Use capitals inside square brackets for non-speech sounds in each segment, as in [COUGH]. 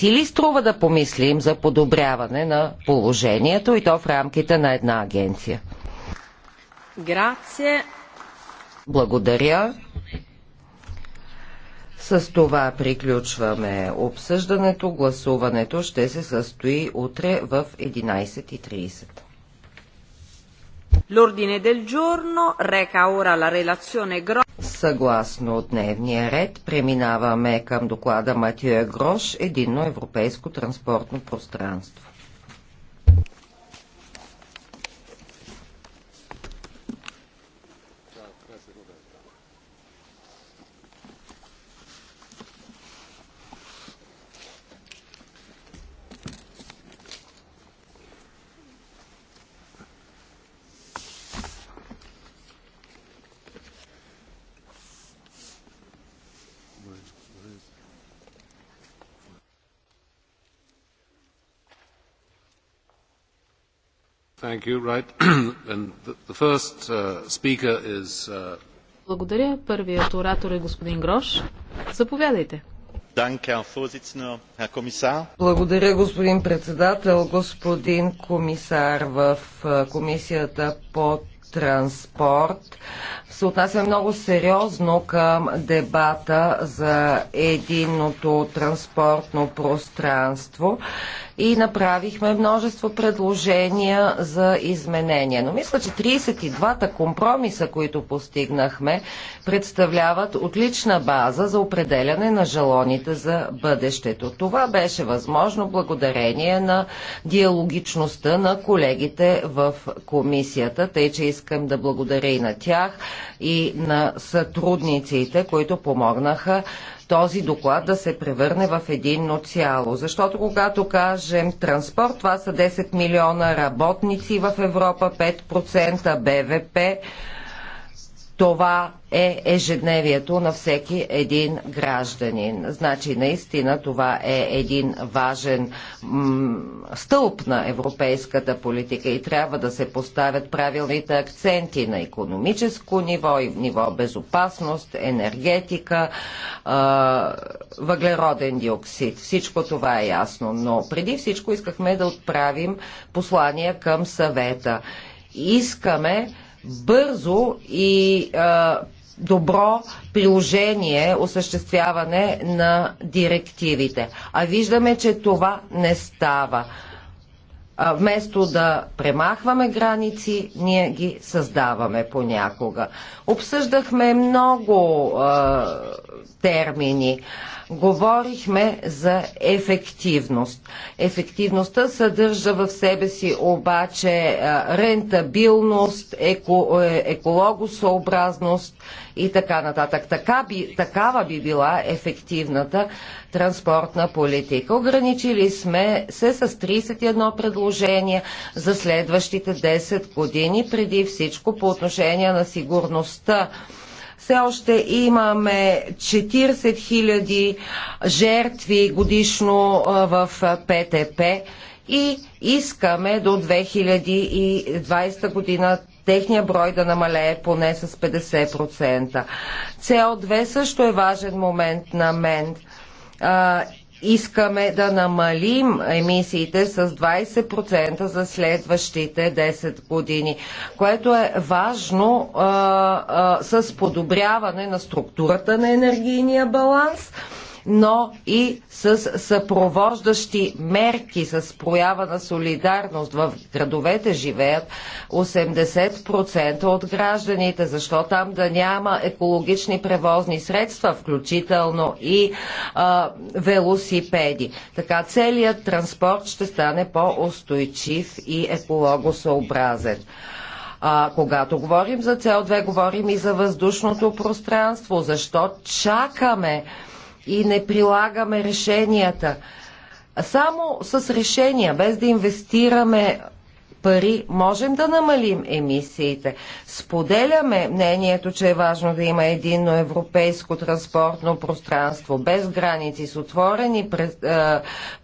си ли струва да помислим за подобряване на положението и то в рамките на една агенция? Грация. Благодаря. С това приключваме обсъждането. Гласуването ще се състои утре в 11.30. L'ordine del giorno reca ora la relazione Grosch. Съгласно дневния ред преминаваме към доклада Матио Грош, единно европейско транспортно пространство. [CLEARS THROAT] Uh, uh, Благодаря. Първият оратор е господин Грош. Заповядайте. Благодаря, господин председател, господин комисар в е, комисията по транспорт се отнася много сериозно към дебата за единното транспортно пространство и направихме множество предложения за изменения. Но мисля, че 32-та компромиса, които постигнахме, представляват отлична база за определяне на жалоните за бъдещето. Това беше възможно благодарение на диалогичността на колегите в комисията, тъй че искам да благодаря и на тях и на сътрудниците, които помогнаха този доклад да се превърне в единно цяло. Защото когато кажем транспорт, това са 10 милиона работници в Европа, 5% БВП, това е ежедневието на всеки един гражданин. Значи наистина това е един важен стълб на европейската политика и трябва да се поставят правилните акценти на економическо ниво и ниво безопасност, енергетика, въглероден диоксид. Всичко това е ясно, но преди всичко искахме да отправим послания към съвета. Искаме бързо и а, добро приложение, осъществяване на директивите. А виждаме, че това не става. А, вместо да премахваме граници, ние ги създаваме понякога. Обсъждахме много а, термини. А, Говорихме за ефективност. Ефективността съдържа в себе си обаче рентабилност, еко, е, екологосъобразност и така нататък. Така би, такава би била ефективната транспортна политика. Ограничили сме се с 31 предложения за следващите 10 години, преди всичко по отношение на сигурността все още имаме 40 000 жертви годишно в ПТП и искаме до 2020 година техния брой да намалее поне с 50%. CO2 също е важен момент на мен искаме да намалим емисиите с 20% за следващите 10 години, което е важно а, а, с подобряване на структурата на енергийния баланс но и с съпровождащи мерки, с проява на солидарност. В градовете живеят 80% от гражданите. Защо там да няма екологични превозни средства, включително и а, велосипеди? Така целият транспорт ще стане по-устойчив и екологосъобразен. А, когато говорим за CO2, говорим и за въздушното пространство. Защо чакаме? и не прилагаме решенията. Само с решения, без да инвестираме пари, можем да намалим емисиите. Споделяме мнението, че е важно да има единно европейско транспортно пространство, без граници, с отворени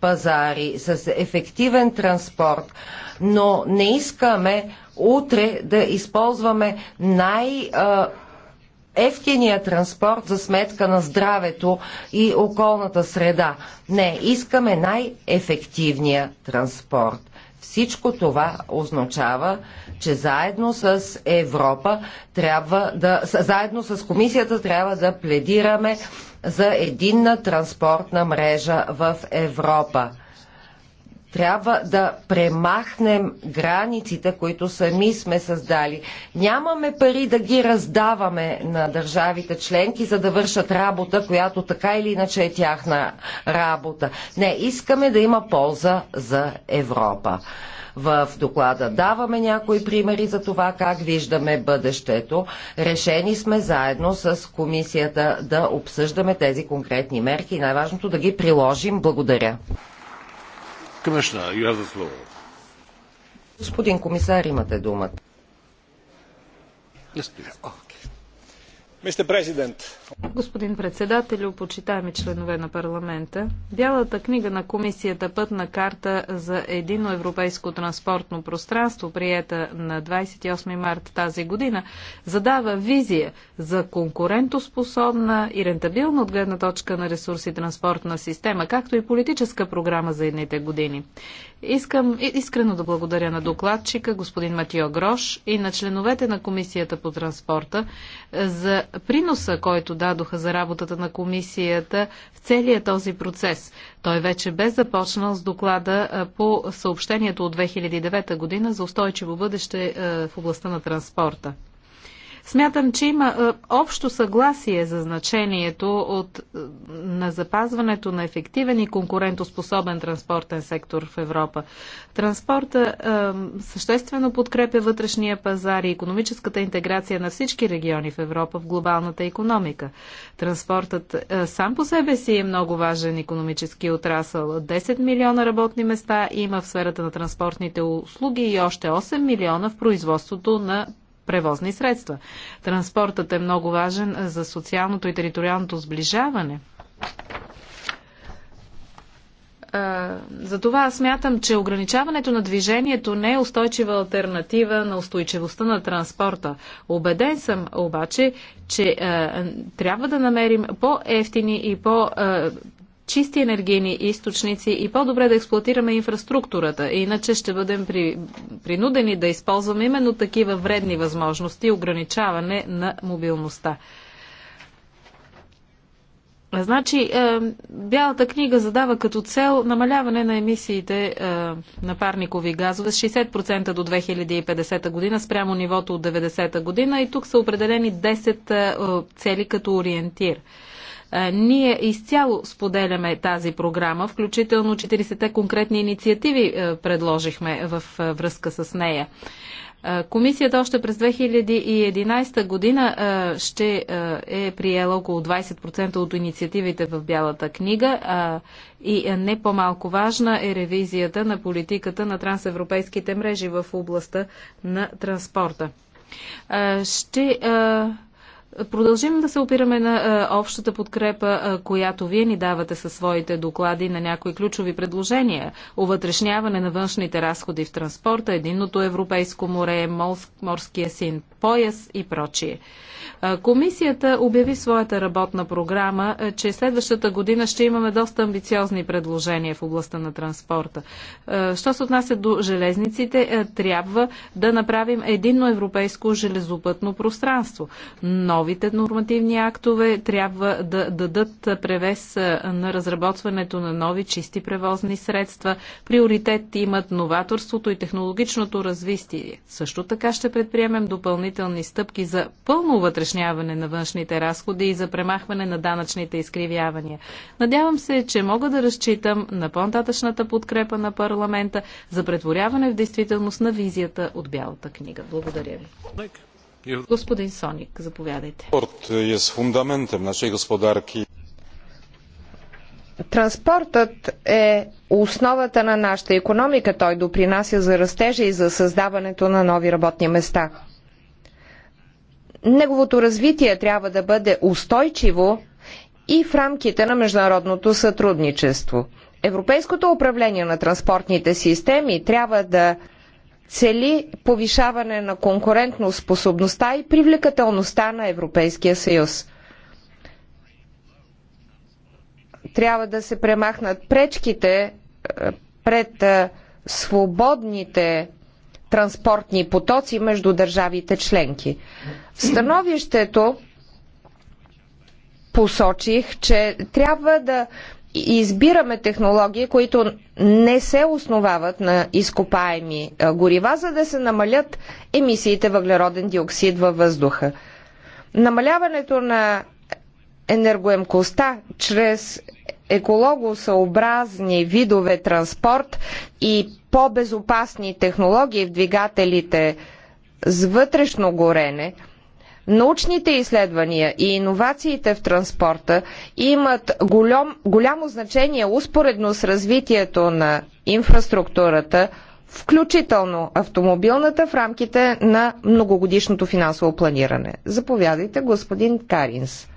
пазари, с ефективен транспорт, но не искаме утре да използваме най- ефтиния транспорт за сметка на здравето и околната среда. Не, искаме най-ефективния транспорт. Всичко това означава, че заедно с Европа трябва да, заедно с комисията трябва да пледираме за единна транспортна мрежа в Европа. Трябва да премахнем границите, които сами сме създали. Нямаме пари да ги раздаваме на държавите членки, за да вършат работа, която така или иначе е тяхна работа. Не, искаме да има полза за Европа. В доклада даваме някои примери за това как виждаме бъдещето. Решени сме заедно с комисията да обсъждаме тези конкретни мерки и най-важното да ги приложим. Благодаря. Господин комисар, имате думата. Господин председател, почитаеми членове на парламента, Бялата книга на комисията Пътна карта за едино европейско транспортно пространство, приета на 28 март тази година, задава визия за конкурентоспособна и рентабилна от гледна точка на ресурси транспортна система, както и политическа програма за едните години. Искам искрено да благодаря на докладчика, господин Матио Грош и на членовете на Комисията по транспорта за приноса, който дадоха за работата на Комисията в целия този процес. Той вече бе започнал с доклада по съобщението от 2009 година за устойчиво бъдеще в областта на транспорта. Смятам, че има е, общо съгласие за значението от, е, на запазването на ефективен и конкурентоспособен транспортен сектор в Европа. Транспорта е, съществено подкрепя вътрешния пазар и економическата интеграция на всички региони в Европа в глобалната економика. Транспортът сам по себе си е много важен економически отрасъл. 10 милиона работни места има в сферата на транспортните услуги и още 8 милиона в производството на превозни средства. Транспортът е много важен за социалното и териториалното сближаване. Затова аз смятам, че ограничаването на движението не е устойчива альтернатива на устойчивостта на транспорта. Обеден съм обаче, че е, трябва да намерим по-ефтини и по- чисти енергийни източници и по-добре да експлуатираме инфраструктурата. Иначе ще бъдем при, принудени да използваме именно такива вредни възможности и ограничаване на мобилността. Значи, е, Бялата книга задава като цел намаляване на емисиите е, на парникови газове с 60% до 2050 година спрямо нивото от 90 година и тук са определени 10 е, цели като ориентир. Е, ние изцяло споделяме тази програма, включително 40-те конкретни инициативи е, предложихме в е, връзка с нея. Комисията още през 2011 година ще е приела около 20% от инициативите в Бялата книга и не по-малко важна е ревизията на политиката на трансевропейските мрежи в областта на транспорта. Ще Продължим да се опираме на е, общата подкрепа, е, която вие ни давате със своите доклади на някои ключови предложения. Овътрешняване на външните разходи в транспорта, единното европейско море, морския син пояс и прочие. Комисията обяви своята работна програма, че следващата година ще имаме доста амбициозни предложения в областта на транспорта. Що се отнася до железниците, трябва да направим единно европейско железопътно пространство. Новите нормативни актове трябва да дадат превес на разработването на нови чисти превозни средства. Приоритет имат новаторството и технологичното развитие. Също така ще предприемем допълнителни стъпки за пълно вътрешно изрешняване на външните разходи и за премахване на данъчните изкривявания. Надявам се, че мога да разчитам на по-нататъчната подкрепа на парламента за претворяване в действителност на визията от Бялата книга. Благодаря ви. Господин Соник, заповядайте. е фундаментом нашей господарки. Транспортът е основата на нашата економика. Той допринася за растежа и за създаването на нови работни места неговото развитие трябва да бъде устойчиво и в рамките на международното сътрудничество. Европейското управление на транспортните системи трябва да цели повишаване на конкурентно способността и привлекателността на Европейския съюз. Трябва да се премахнат пречките е, пред е, свободните транспортни потоци между държавите членки. В становището посочих, че трябва да избираме технологии, които не се основават на изкопаеми горива, за да се намалят емисиите въглероден диоксид във въздуха. Намаляването на енергоемкостта чрез екологосъобразни видове транспорт и по-безопасни технологии в двигателите с вътрешно горене, научните изследвания и иновациите в транспорта имат голям, голямо значение успоредно с развитието на инфраструктурата, включително автомобилната в рамките на многогодишното финансово планиране. Заповядайте, господин Каринс.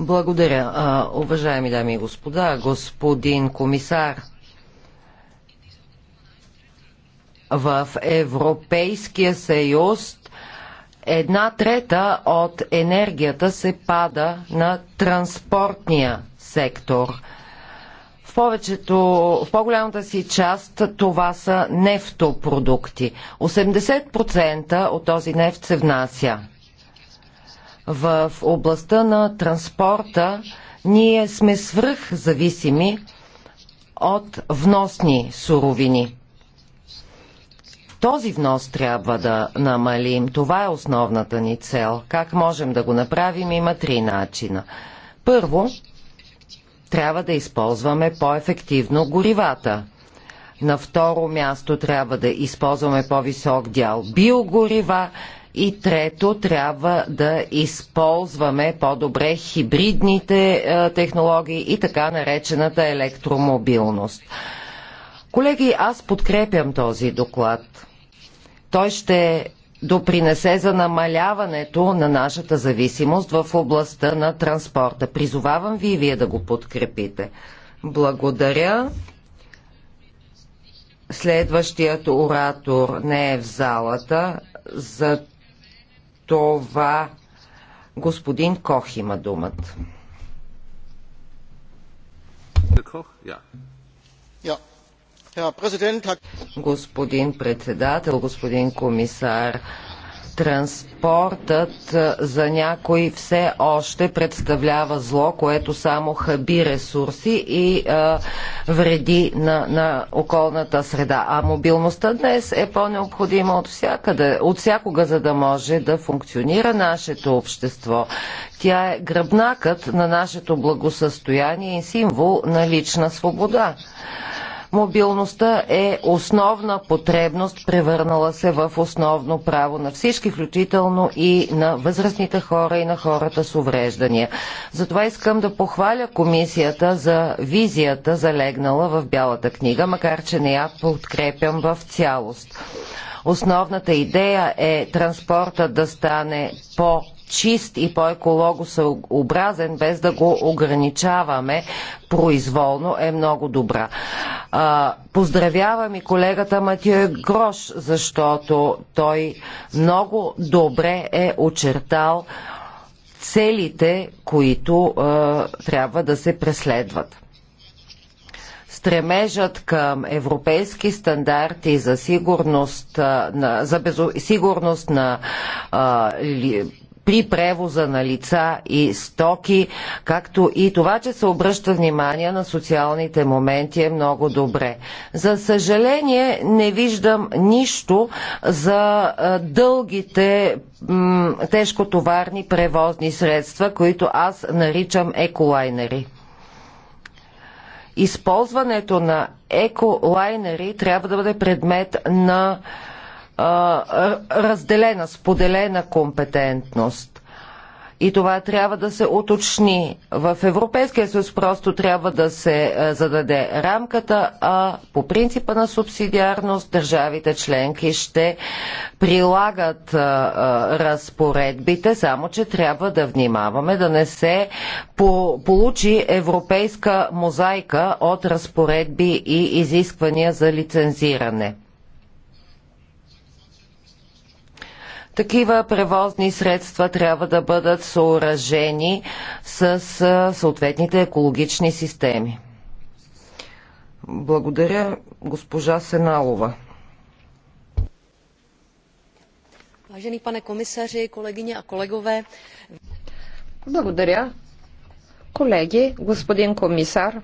Благодаря, уважаеми дами и господа, господин комисар. В Европейския съюз една трета от енергията се пада на транспортния сектор. В, повечето, в по-голямата си част това са нефтопродукти. 80% от този нефт се внася. В областта на транспорта ние сме свръхзависими от вносни суровини. Този внос трябва да намалим. Това е основната ни цел. Как можем да го направим? Има три начина. Първо, трябва да използваме по-ефективно горивата. На второ място трябва да използваме по-висок дял биогорива и трето, трябва да използваме по-добре хибридните е, технологии и така наречената електромобилност. Колеги, аз подкрепям този доклад. Той ще допринесе за намаляването на нашата зависимост в областта на транспорта. Призовавам ви и вие да го подкрепите. Благодаря. Следващият оратор не е в залата. За това господин Кох има думата. Господин председател, господин комисар, транспортът за някой все още представлява зло, което само хаби ресурси и а, вреди на, на околната среда. А мобилността днес е по-необходима от всякъде, от всякога, за да може да функционира нашето общество. Тя е гръбнакът на нашето благосъстояние и символ на лична свобода. Мобилността е основна потребност, превърнала се в основно право на всички, включително и на възрастните хора и на хората с увреждания. Затова искам да похваля комисията за визията, залегнала в Бялата книга, макар че не я подкрепям в цялост. Основната идея е транспорта да стане по чист и по-екологосъобразен, без да го ограничаваме произволно, е много добра. А, поздравявам и колегата Матия Грош, защото той много добре е очертал целите, които а, трябва да се преследват. Стремежът към европейски стандарти за сигурност, а, на, за безо, сигурност на а, ли, при превоза на лица и стоки, както и това, че се обръща внимание на социалните моменти е много добре. За съжаление не виждам нищо за дългите тежкотоварни превозни средства, които аз наричам еколайнери. Използването на еколайнери трябва да бъде предмет на разделена, споделена компетентност. И това трябва да се уточни. В Европейския съюз просто трябва да се зададе рамката, а по принципа на субсидиарност държавите членки ще прилагат разпоредбите, само че трябва да внимаваме да не се получи европейска мозайка от разпоредби и изисквания за лицензиране. Такива превозни средства трябва да бъдат съоръжени с съответните екологични системи. Благодаря, госпожа Сеналова. Важени пане комисари, kolegyně a колегове. Благодаря. Колеги, господин комисар,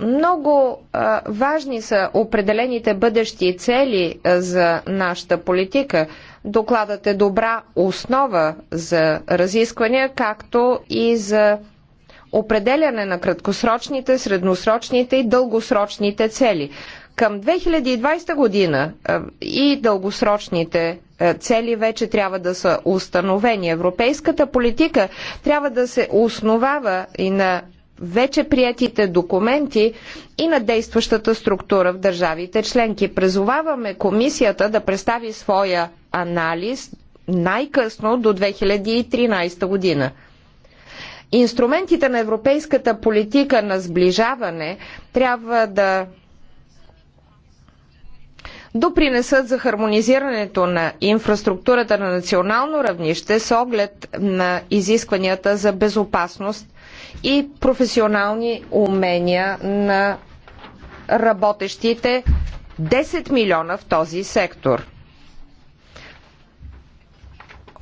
Много а, важни са определените бъдещи цели а, за нашата политика. Докладът е добра основа за разисквания, както и за определяне на краткосрочните, средносрочните и дългосрочните цели. Към 2020 година и дългосрочните цели вече трябва да са установени. Европейската политика трябва да се основава и на вече приятите документи и на действащата структура в държавите членки. Презоваваме комисията да представи своя анализ най-късно до 2013 година. Инструментите на европейската политика на сближаване трябва да допринесат за хармонизирането на инфраструктурата на национално равнище с оглед на изискванията за безопасност – и професионални умения на работещите 10 милиона в този сектор.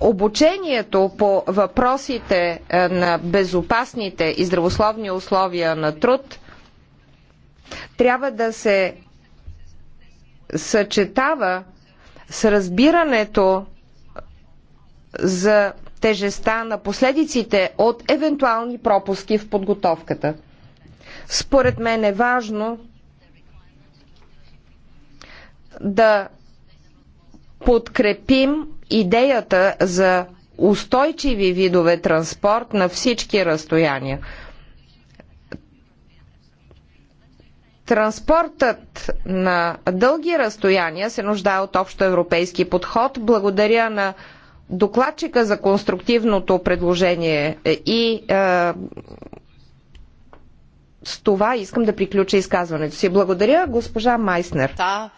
Обучението по въпросите е, на безопасните и здравословни условия на труд трябва да се съчетава с разбирането за тежестта на последиците от евентуални пропуски в подготовката. Според мен е важно да подкрепим идеята за устойчиви видове транспорт на всички разстояния. Транспортът на дълги разстояния се нуждае от общо европейски подход. Благодаря на докладчика за конструктивното предложение и е, с това искам да приключа изказването си. Благодаря, госпожа Майснер. Да.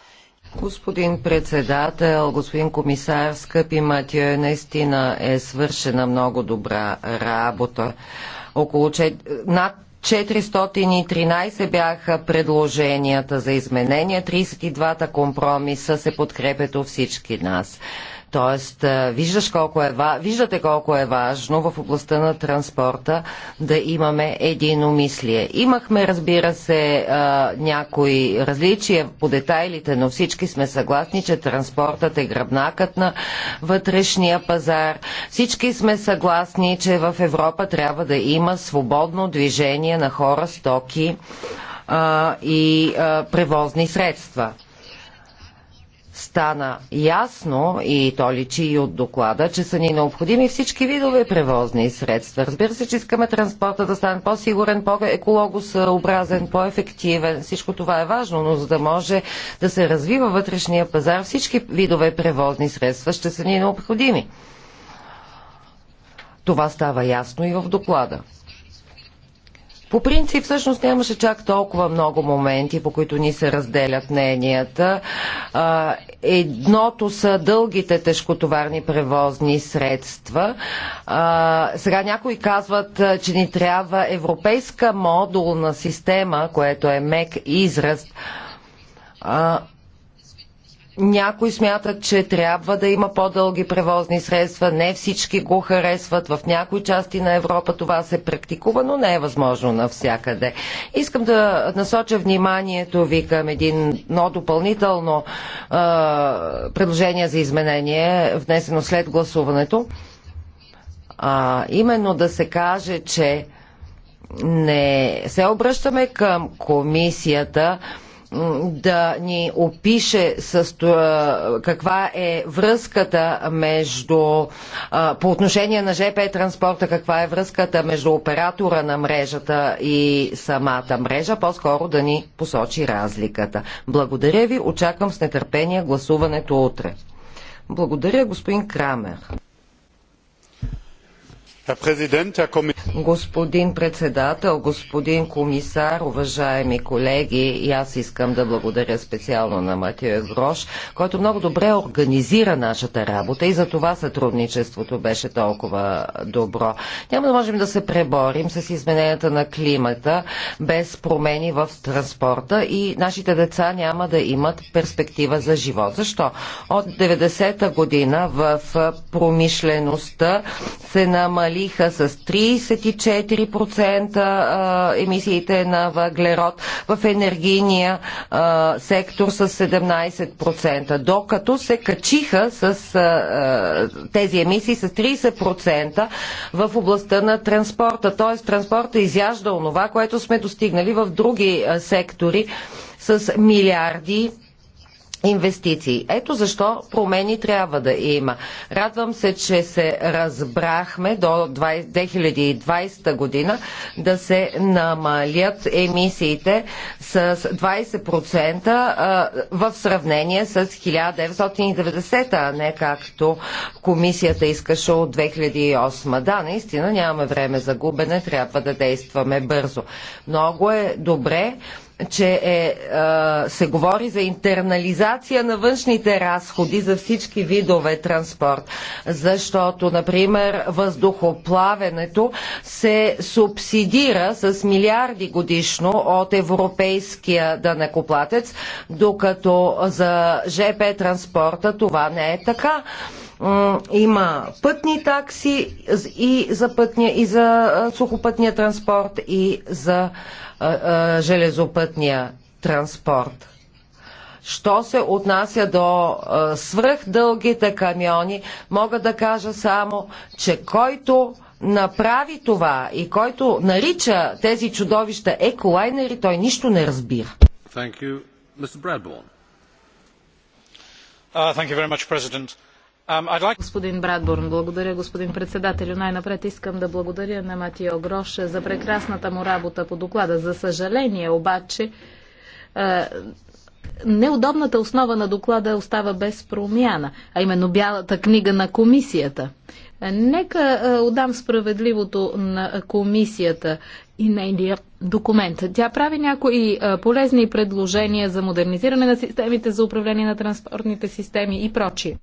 Господин председател, господин комисар, скъпи Матио, наистина е свършена много добра работа. Около чет... над 413 бяха предложенията за изменения, 32-та компромиса се подкрепят от всички нас. Тоест, виждаш колко е, виждате колко е важно в областта на транспорта да имаме единомислие. Имахме, разбира се, някои различия по детайлите, но всички сме съгласни, че транспортът е гръбнакът на вътрешния пазар. Всички сме съгласни, че в Европа трябва да има свободно движение на хора, стоки и превозни средства стана ясно и то личи и от доклада, че са ни необходими всички видове превозни средства. Разбира се, че искаме транспорта да стане по-сигурен, по-екологосъобразен, по-ефективен. Всичко това е важно, но за да може да се развива вътрешния пазар, всички видове превозни средства ще са ни необходими. Това става ясно и в доклада. По принцип, всъщност нямаше чак толкова много моменти, по които ни се разделят мненията. Едното са дългите тежкотоварни превозни средства. Сега някои казват, че ни трябва европейска модулна система, което е мек израз. Някои смятат, че трябва да има по-дълги превозни средства, не всички го харесват. В някои части на Европа това се практикува, но не е възможно навсякъде. Искам да насоча вниманието ви към едно допълнително предложение за изменение, внесено след гласуването. А, именно да се каже, че не се обръщаме към комисията, да ни опише с, каква е връзката между по отношение на ЖП транспорта, каква е връзката между оператора на мрежата и самата мрежа, по-скоро да ни посочи разликата. Благодаря ви, очаквам с нетърпение гласуването утре. Благодаря, господин Крамер. Господин председател, господин комисар, уважаеми колеги, и аз искам да благодаря специално на Матио Грош, който много добре организира нашата работа и за това сътрудничеството беше толкова добро. Няма да можем да се преборим с измененията на климата без промени в транспорта и нашите деца няма да имат перспектива за живот. Защо? От 90-та година в промишлеността се намали намалиха с 34% емисиите на въглерод, в енергийния сектор с 17%, докато се качиха с тези емисии с 30% в областта на транспорта. Т.е. транспорта изяжда онова, което сме достигнали в други сектори с милиарди инвестиции. Ето защо промени трябва да има. Радвам се, че се разбрахме до 2020 година да се намалят емисиите с 20% в сравнение с 1990, а не както комисията искаше от 2008. Да, наистина нямаме време за губене, трябва да действаме бързо. Много е добре че е, се говори за интернализация на външните разходи за всички видове транспорт, защото, например, въздухоплаването се субсидира с милиарди годишно от европейския данъкоплатец, докато за ЖП транспорта това не е така. Е, има пътни такси и за, пътния, и за е, сухопътния транспорт, и за е, железопътния транспорт. Що се отнася до свръхдългите камиони, мога да кажа само, че който направи това и който нарича тези чудовища еколайнери, той нищо не разбира. Thank you. Mr. Bradbourne. Uh, thank you very much, President. Um, господин Брадборн, благодаря господин председателю. Най-напред искам да благодаря на Матио Грош за прекрасната му работа по доклада. За съжаление обаче е, неудобната основа на доклада остава без промяна, а именно бялата книга на комисията. Е, нека е, отдам справедливото на комисията и нейния документ. Тя прави някои полезни предложения за модернизиране на системите за управление на транспортните системи и прочие.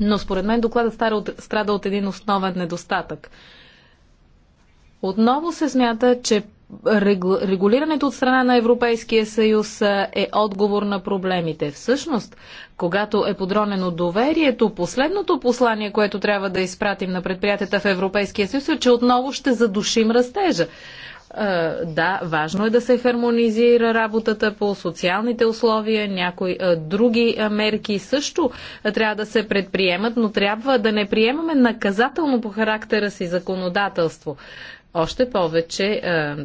Но според мен докладът от, страда от един основен недостатък. Отново се смята, че регулирането от страна на Европейския съюз е отговор на проблемите. Всъщност, когато е подронено доверието, последното послание, което трябва да изпратим на предприятията в Европейския съюз е, че отново ще задушим растежа. Е, да, важно е да се хармонизира работата по социалните условия, някои е, други е, мерки също трябва да се предприемат, но трябва да не приемаме наказателно по характера си законодателство. Още повече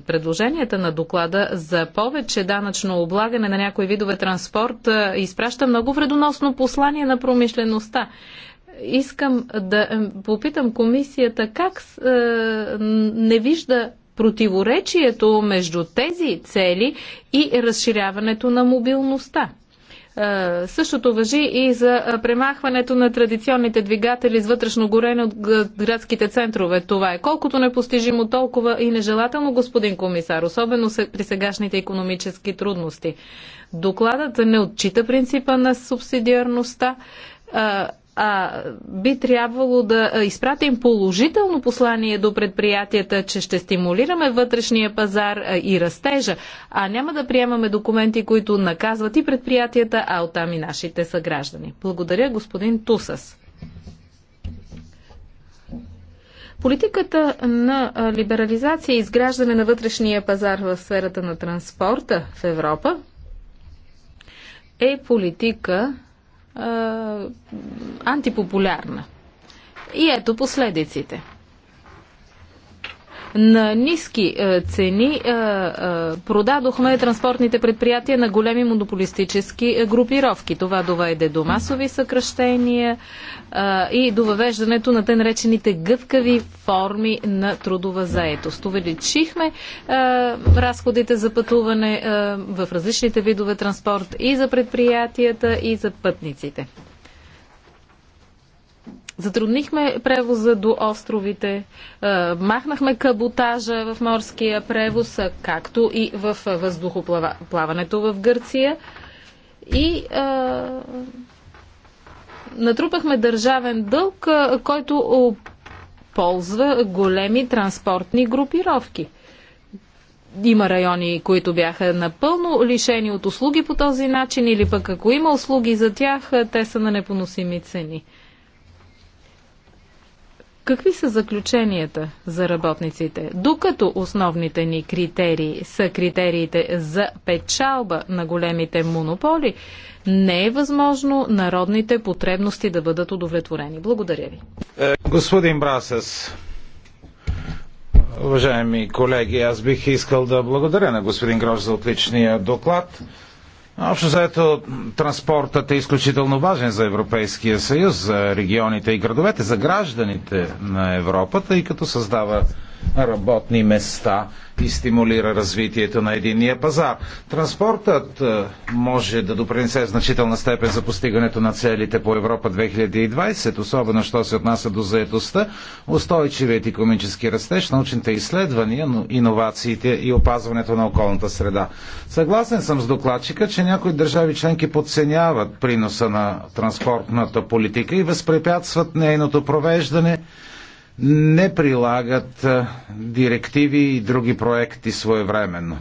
предложенията на доклада за повече данъчно облагане на някои видове транспорт изпраща много вредоносно послание на промишлеността искам да попитам комисията как е, не вижда противоречието между тези цели и разширяването на мобилността. Е, същото въжи и за премахването на традиционните двигатели с вътрешно горене от градските центрове. Това е колкото непостижимо, толкова и нежелателно, господин комисар, особено при сегашните економически трудности. Докладът не отчита принципа на субсидиарността а, би трябвало да изпратим положително послание до предприятията, че ще стимулираме вътрешния пазар и растежа, а няма да приемаме документи, които наказват и предприятията, а оттам и нашите съграждани. Благодаря, господин Тусас. Политиката на либерализация и изграждане на вътрешния пазар в сферата на транспорта в Европа е политика, антипопулярна. И ето последиците на ниски е, цени е, е, продадохме транспортните предприятия на големи монополистически групировки. Това доведе до масови съкръщения и до въвеждането на те наречените гъвкави форми на трудова заетост. Увеличихме разходите за пътуване в различните видове транспорт и за предприятията, и за пътниците. Затруднихме превоза до островите, е, махнахме каботажа в морския превоз, е, както и в въздухоплаването в Гърция. И а, е, натрупахме държавен дълг, който ползва големи транспортни групировки. Има райони, които бяха напълно лишени от услуги по този начин, или пък ако има услуги за тях, те са на непоносими цени. Какви са заключенията за работниците? Докато основните ни критерии са критериите за печалба на големите монополи, не е възможно народните потребности да бъдат удовлетворени. Благодаря ви. Е, господин Брасес, уважаеми колеги, аз бих искал да благодаря на господин Грош за отличния доклад. Общо заето транспортът е изключително важен за Европейския съюз, за регионите и градовете, за гражданите на Европа, тъй като създава работни места и стимулира развитието на единния пазар. Транспортът е, може да допринесе значителна степен за постигането на целите по Европа 2020, особено що се отнася до заедостта, устойчивият економически растеж, научните изследвания, иновациите и опазването на околната среда. Съгласен съм с докладчика, че някои държави членки подценяват приноса на транспортната политика и възпрепятстват нейното провеждане не прилагат директиви и други проекти своевременно.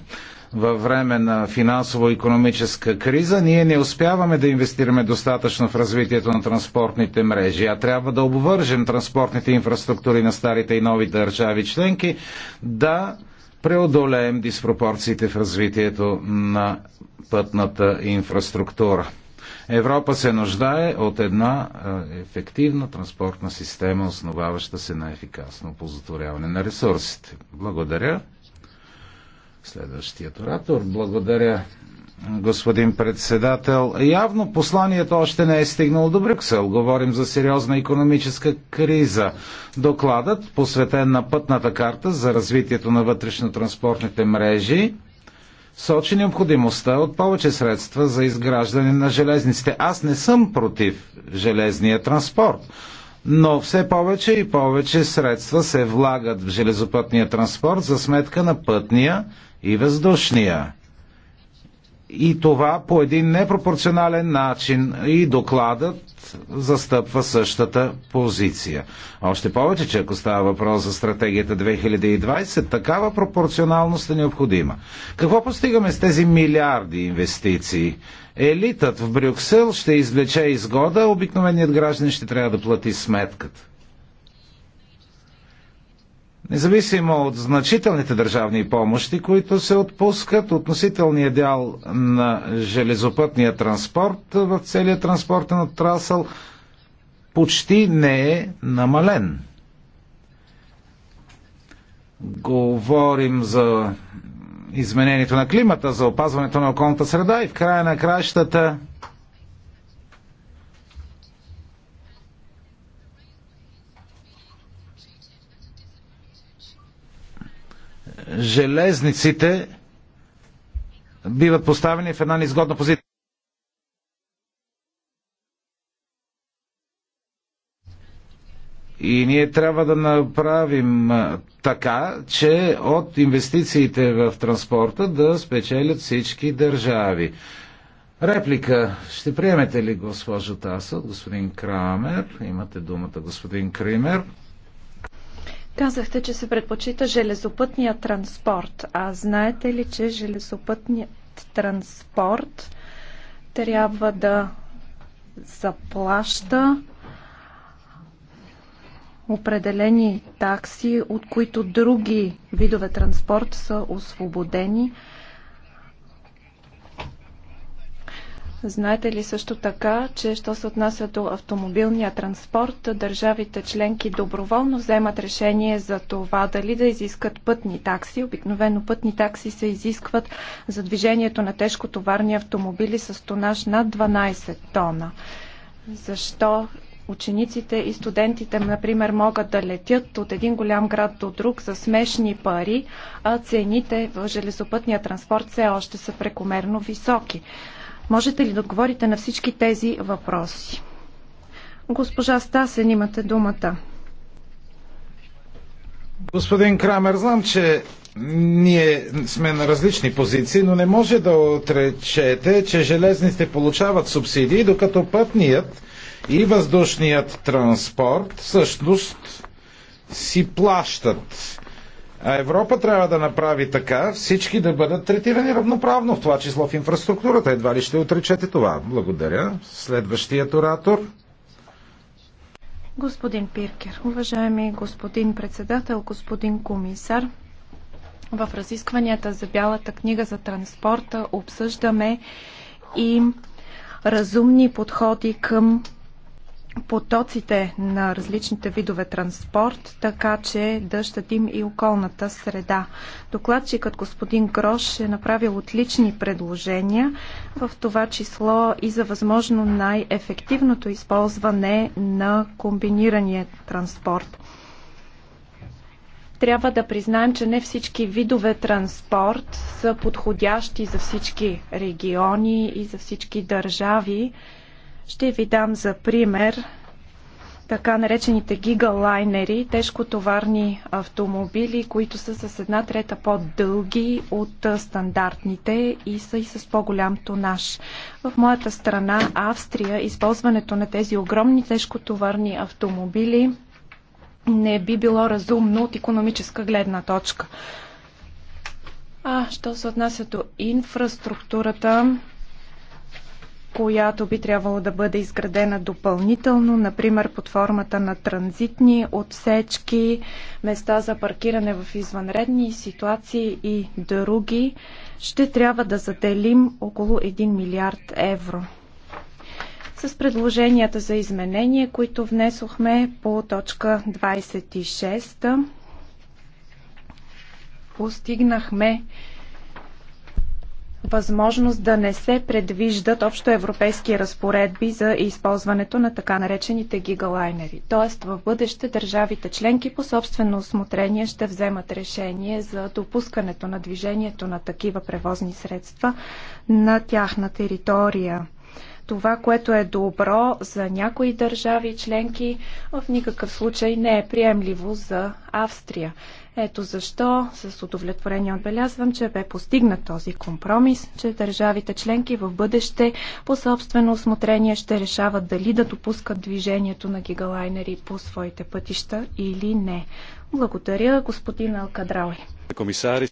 Във време на финансово-економическа криза ние не успяваме да инвестираме достатъчно в развитието на транспортните мрежи, а трябва да обвържем транспортните инфраструктури на старите и нови държави членки, да преодолеем диспропорциите в развитието на пътната инфраструктура. Европа се нуждае от една ефективна транспортна система, основаваща се на ефикасно позаторяване на ресурсите. Благодаря. Следващият оратор. Благодаря, господин председател. Явно посланието още не е стигнало до Брюксел. Говорим за сериозна економическа криза. Докладът, посветен на пътната карта за развитието на вътрешно-транспортните мрежи, сочи необходимостта от повече средства за изграждане на железниците. Аз не съм против железния транспорт, но все повече и повече средства се влагат в железопътния транспорт за сметка на пътния и въздушния и това по един непропорционален начин и докладът застъпва същата позиция. Още повече, че ако става въпрос за стратегията 2020, такава пропорционалност е необходима. Какво постигаме с тези милиарди инвестиции? Елитът в Брюксел ще извлече изгода, обикновеният граждан ще трябва да плати сметката. Независимо от значителните държавни помощи, които се отпускат, относителният дял на железопътния транспорт в целия транспортен отрасъл почти не е намален. Говорим за изменението на климата, за опазването на околната среда и в края на кращата железниците биват поставени в една неизгодна позиция. И ние трябва да направим така, че от инвестициите в транспорта да спечелят всички държави. Реплика. Ще приемете ли госпожо Тасо, господин Крамер? Имате думата, господин Кример. Казахте, че се предпочита железопътния транспорт. А знаете ли, че железопътният транспорт трябва да заплаща определени такси, от които други видове транспорт са освободени Знаете ли също така, че що се отнася до автомобилния транспорт, държавите членки доброволно вземат решение за това дали да изискат пътни такси. Обикновено пътни такси се изискват за движението на тежкотоварни автомобили с тонаж над 12 тона. Защо учениците и студентите, например, могат да летят от един голям град до друг за смешни пари, а цените в железопътния транспорт все още са прекомерно високи. Можете ли да отговорите на всички тези въпроси? Госпожа Стасен, имате думата. Господин Крамер, знам, че ние сме на различни позиции, но не може да отречете, че железните получават субсидии, докато пътният и въздушният транспорт всъщност си плащат а Европа трябва да направи така всички да бъдат третирани равноправно, в това число в инфраструктурата. Едва ли ще отречете това. Благодаря. Следващият оратор. Господин Пиркер, уважаеми господин председател, господин комисар, в разискванията за Бялата книга за транспорта обсъждаме и разумни подходи към потоците на различните видове транспорт, така че да щадим и околната среда. Докладчикът господин Грош е направил отлични предложения, в това число и за възможно най-ефективното използване на комбинирания транспорт. Трябва да признаем, че не всички видове транспорт са подходящи за всички региони и за всички държави ще ви дам за пример така наречените гигалайнери, тежкотоварни автомобили, които са с една трета по-дълги от стандартните и са и с по-голям тонаж. В моята страна, Австрия, използването на тези огромни тежкотоварни автомобили не би било разумно от економическа гледна точка. А, що се отнася до инфраструктурата, която би трябвало да бъде изградена допълнително, например под формата на транзитни отсечки, места за паркиране в извънредни ситуации и други, ще трябва да заделим около 1 милиард евро. С предложенията за изменение, които внесохме по точка 26, постигнахме възможност да не се предвиждат общоевропейски разпоредби за използването на така наречените гигалайнери. Тоест в бъдеще държавите членки по собствено осмотрение ще вземат решение за допускането на движението на такива превозни средства на тяхна територия. Това, което е добро за някои държави членки, в никакъв случай не е приемливо за Австрия. Ето защо с удовлетворение отбелязвам, че бе постигнат този компромис, че държавите членки в бъдеще по собствено осмотрение ще решават дали да допускат движението на гигалайнери по своите пътища или не. Благодаря, господин Алкадрауи. Комисари.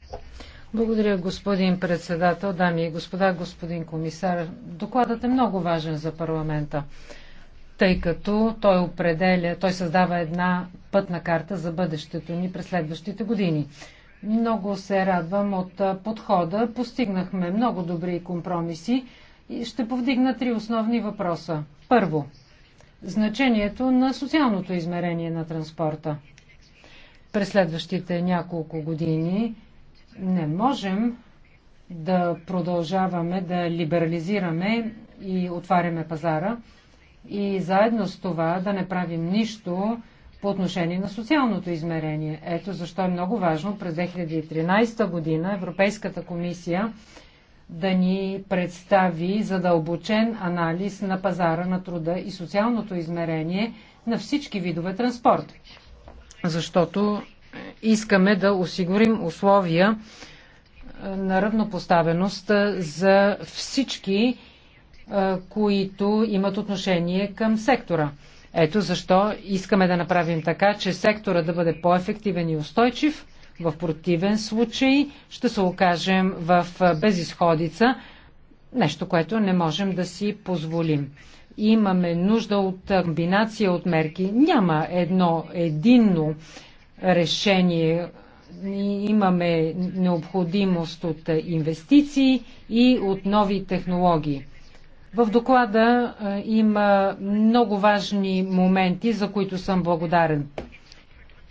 Благодаря, господин председател, дами и господа, господин комисар. Докладът е много важен за парламента тъй като той определя, той създава една пътна карта за бъдещето ни през следващите години. Много се радвам от подхода. Постигнахме много добри компромиси и ще повдигна три основни въпроса. Първо, значението на социалното измерение на транспорта. През следващите няколко години не можем да продължаваме да либерализираме и отваряме пазара и заедно с това да не правим нищо по отношение на социалното измерение. Ето защо е много важно през 2013 година Европейската комисия да ни представи задълбочен анализ на пазара на труда и социалното измерение на всички видове транспорт. Защото искаме да осигурим условия на равнопоставеност за всички които имат отношение към сектора. Ето защо искаме да направим така, че сектора да бъде по-ефективен и устойчив. В противен случай ще се окажем в безисходица, нещо, което не можем да си позволим. Имаме нужда от комбинация от мерки. Няма едно единно решение. Имаме необходимост от инвестиции и от нови технологии. В доклада е, има много важни моменти, за които съм благодарен.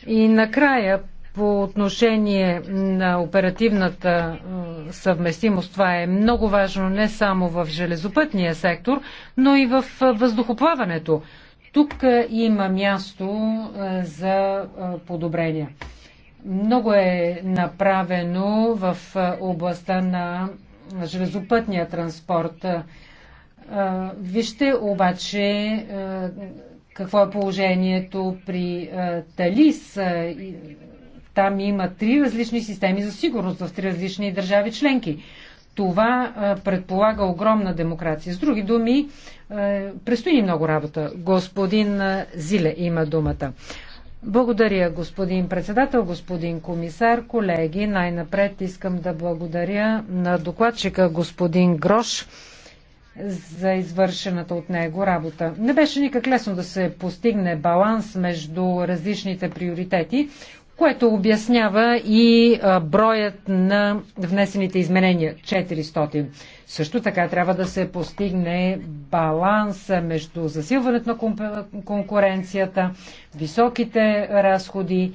И накрая, по отношение на оперативната е, съвместимост, това е много важно не само в железопътния сектор, но и в е, въздухоплаването. Тук има място за подобрения. Много е направено в областта на железопътния транспорт. Вижте обаче какво е положението при Талис. Там има три различни системи за сигурност в три различни държави членки. Това предполага огромна демокрация. С други думи, предстои ни много работа. Господин Зиле има думата. Благодаря, господин председател, господин комисар, колеги. Най-напред искам да благодаря на докладчика господин Грош за извършената от него работа. Не беше никак лесно да се постигне баланс между различните приоритети, което обяснява и броят на внесените изменения 400. Също така трябва да се постигне баланс между засилването на конкуренцията, високите разходи,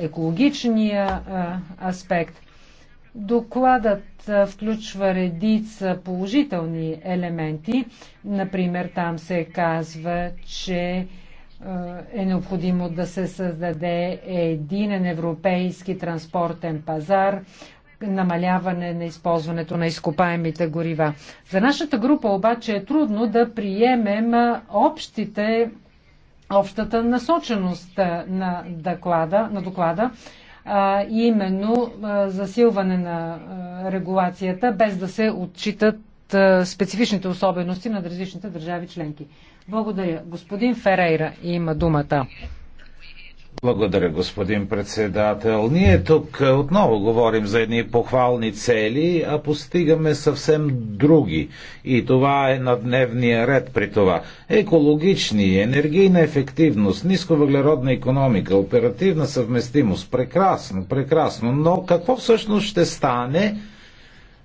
екологичния аспект. Докладът включва редица положителни елементи. Например, там се казва, че е необходимо да се създаде единен европейски транспортен пазар, намаляване на използването на изкопаемите горива. За нашата група обаче е трудно да приемем общите, общата насоченост на доклада, на доклада а, именно а, засилване на а, регулацията, без да се отчитат а, специфичните особености на различните държави членки. Благодаря. Господин Ферейра има думата. Благодаря, господин председател. Ние тук е, отново говорим за едни похвални цели, а постигаме съвсем други. И това е на дневния ред при това. Екологични, енергийна ефективност, нисковъглеродна економика, оперативна съвместимост. Прекрасно, прекрасно. Но какво всъщност ще стане?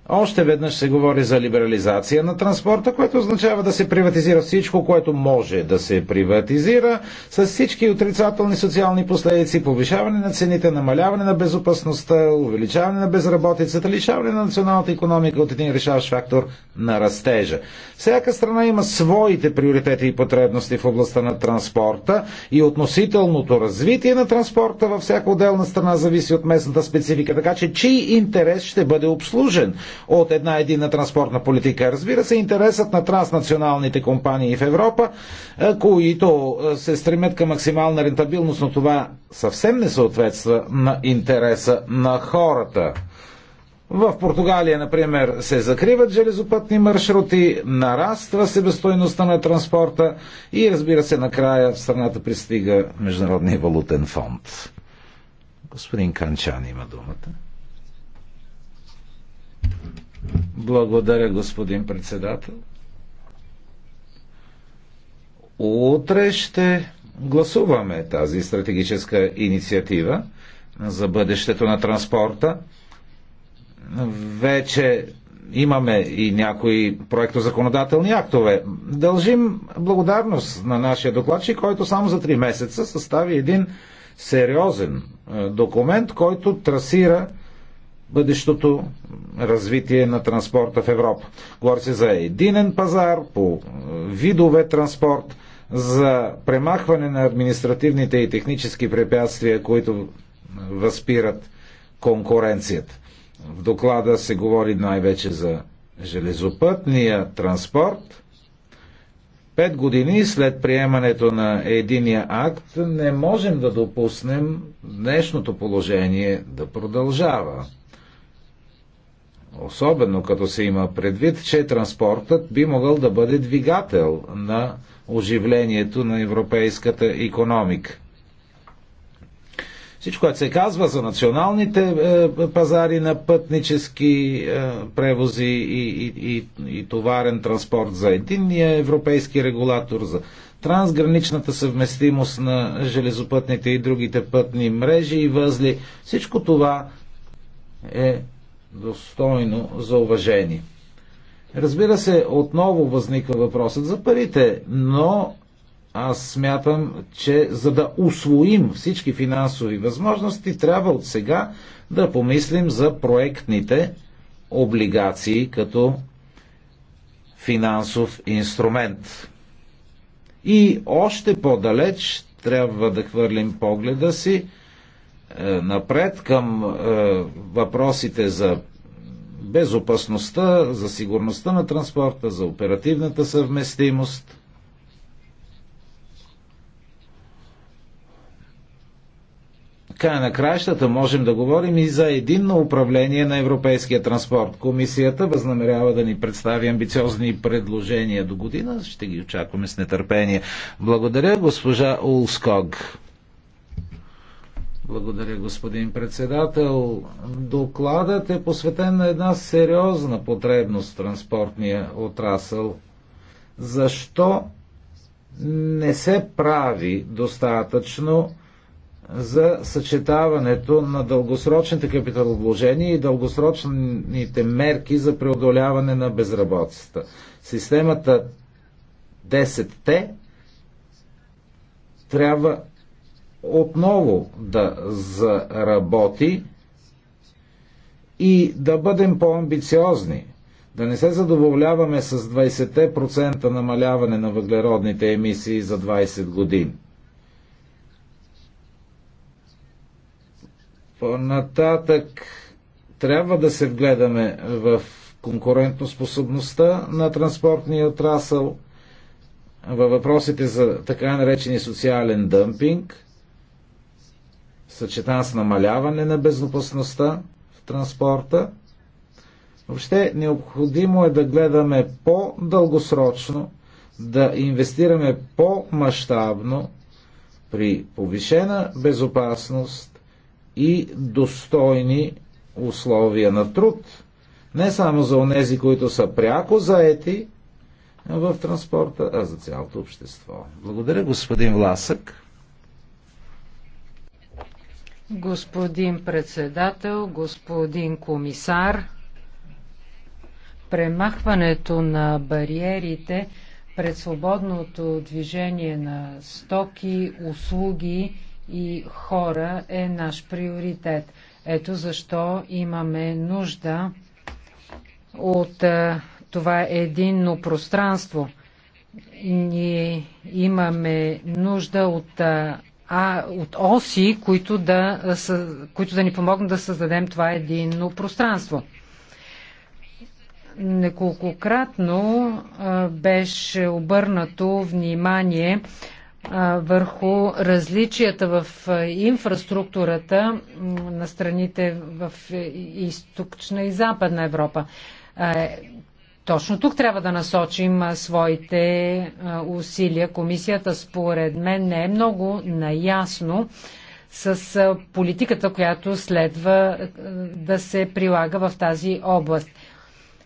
Още веднъж се говори за либерализация на транспорта, което означава да се приватизира всичко, което може да се приватизира, с всички отрицателни социални последици, повишаване на цените, намаляване на безопасността, увеличаване на безработицата, лишаване на националната економика от един решаващ фактор на растежа. Всяка страна има своите приоритети и потребности в областта на транспорта и относителното развитие на транспорта във всяка отделна страна зависи от местната специфика, така че чий интерес ще бъде обслужен от една единна транспортна политика. Разбира се, интересът на транснационалните компании в Европа, е, които е, се стремят към максимална рентабилност, но това съвсем не съответства на интереса на хората. В Португалия, например, се закриват железопътни маршрути, нараства себестойността на транспорта и разбира се, накрая в страната пристига Международния валутен фонд. Господин Канчан има думата. Благодаря, господин председател. Утре ще гласуваме тази стратегическа инициатива за бъдещето на транспорта. Вече имаме и някои проектозаконодателни актове. Дължим благодарност на нашия докладчик, който само за три месеца състави един сериозен е, документ, който трасира бъдещото развитие на транспорта в Европа. Говори се за единен пазар по е, видове транспорт, за премахване на административните и технически препятствия, които е, възпират конкуренцията. В доклада се говори най-вече за железопътния транспорт. Пет години след приемането на единия акт не можем да допуснем днешното положение да продължава. Особено като се има предвид, че транспортът би могъл да бъде двигател на оживлението на европейската економика. Всичко, което се казва за националните е, пазари на пътнически е, превози и, и, и, и товарен транспорт, за единния европейски регулатор, за трансграничната съвместимост на железопътните и другите пътни мрежи и възли, всичко това е достойно за уважение. Разбира се, отново възниква въпросът за парите, но аз смятам, че за да усвоим всички финансови възможности, трябва от сега да помислим за проектните облигации като финансов инструмент. И още по-далеч трябва да хвърлим погледа си е, напред към е, въпросите за безопасността, за сигурността на транспорта, за оперативната съвместимост. Кая на краищата можем да говорим и за единно управление на европейския транспорт. Комисията възнамерява да ни представи амбициозни предложения до година. Ще ги очакваме с нетърпение. Благодаря, госпожа Улског. Благодаря, господин председател. Докладът е посветен на една сериозна потребност в транспортния отрасъл. Защо не се прави достатъчно за съчетаването на дългосрочните капиталовложения и дългосрочните мерки за преодоляване на безработицата. Системата 10Т трябва отново да заработи и да бъдем по-амбициозни. Да не се задоволяваме с 20% намаляване на въглеродните емисии за 20 години. Понататък трябва да се вгледаме в конкурентоспособността на транспортния отрасъл, във въпросите за така наречени социален дъмпинг – съчетан с намаляване на безопасността в транспорта. Въобще необходимо е да гледаме по-дългосрочно, да инвестираме по-масштабно при повишена безопасност и достойни условия на труд. Не само за онези, които са пряко заети в транспорта, а за цялото общество. Благодаря, господин Власък. Господин председател, господин комисар, премахването на бариерите пред свободното движение на стоки, услуги и хора е наш приоритет. Ето защо имаме нужда от това единно пространство. Ние имаме нужда от а от оси, които да, които да ни помогнат да създадем това единно пространство. Неколкократно беше обърнато внимание върху различията в инфраструктурата на страните в източна и западна Европа. Точно тук трябва да насочим своите усилия. Комисията според мен не е много наясно с политиката, която следва да се прилага в тази област.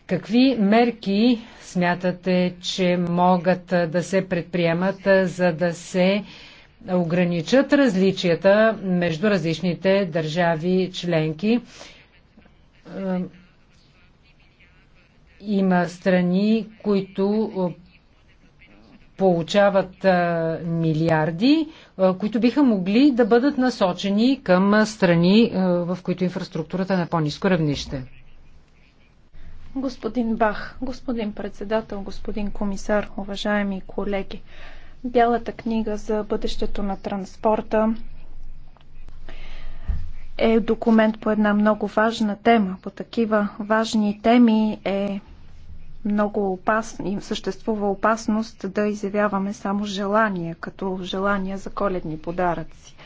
Какви мерки смятате, че могат да се предприемат, за да се ограничат различията между различните държави членки? Има страни, които получават милиарди, които биха могли да бъдат насочени към страни, в които инфраструктурата е на по-низко равнище. Господин Бах, господин председател, господин комисар, уважаеми колеги, Бялата книга за бъдещето на транспорта е документ по една много важна тема. По такива важни теми е много опасно и съществува опасност да изявяваме само желания, като желания за коледни подаръци.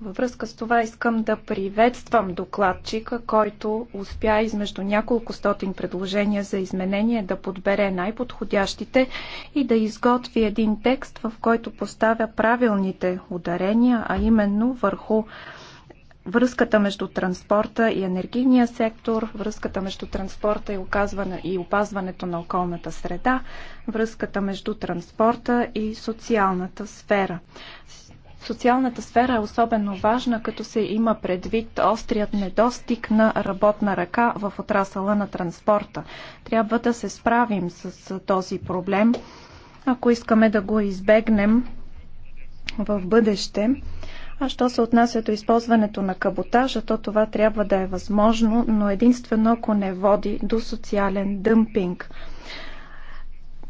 Във връзка с това искам да приветствам докладчика, който успя измежду няколко стотин предложения за изменение да подбере най-подходящите и да изготви един текст, в който поставя правилните ударения, а именно върху връзката между транспорта и енергийния сектор, връзката между транспорта и, оказване, и опазването на околната среда, връзката между транспорта и социалната сфера. Социалната сфера е особено важна, като се има предвид острият недостиг на работна ръка в отрасъла на транспорта. Трябва да се справим с този проблем, ако искаме да го избегнем в бъдеще а що се отнася до използването на каботажа, то това трябва да е възможно, но единствено ако не води до социален дъмпинг.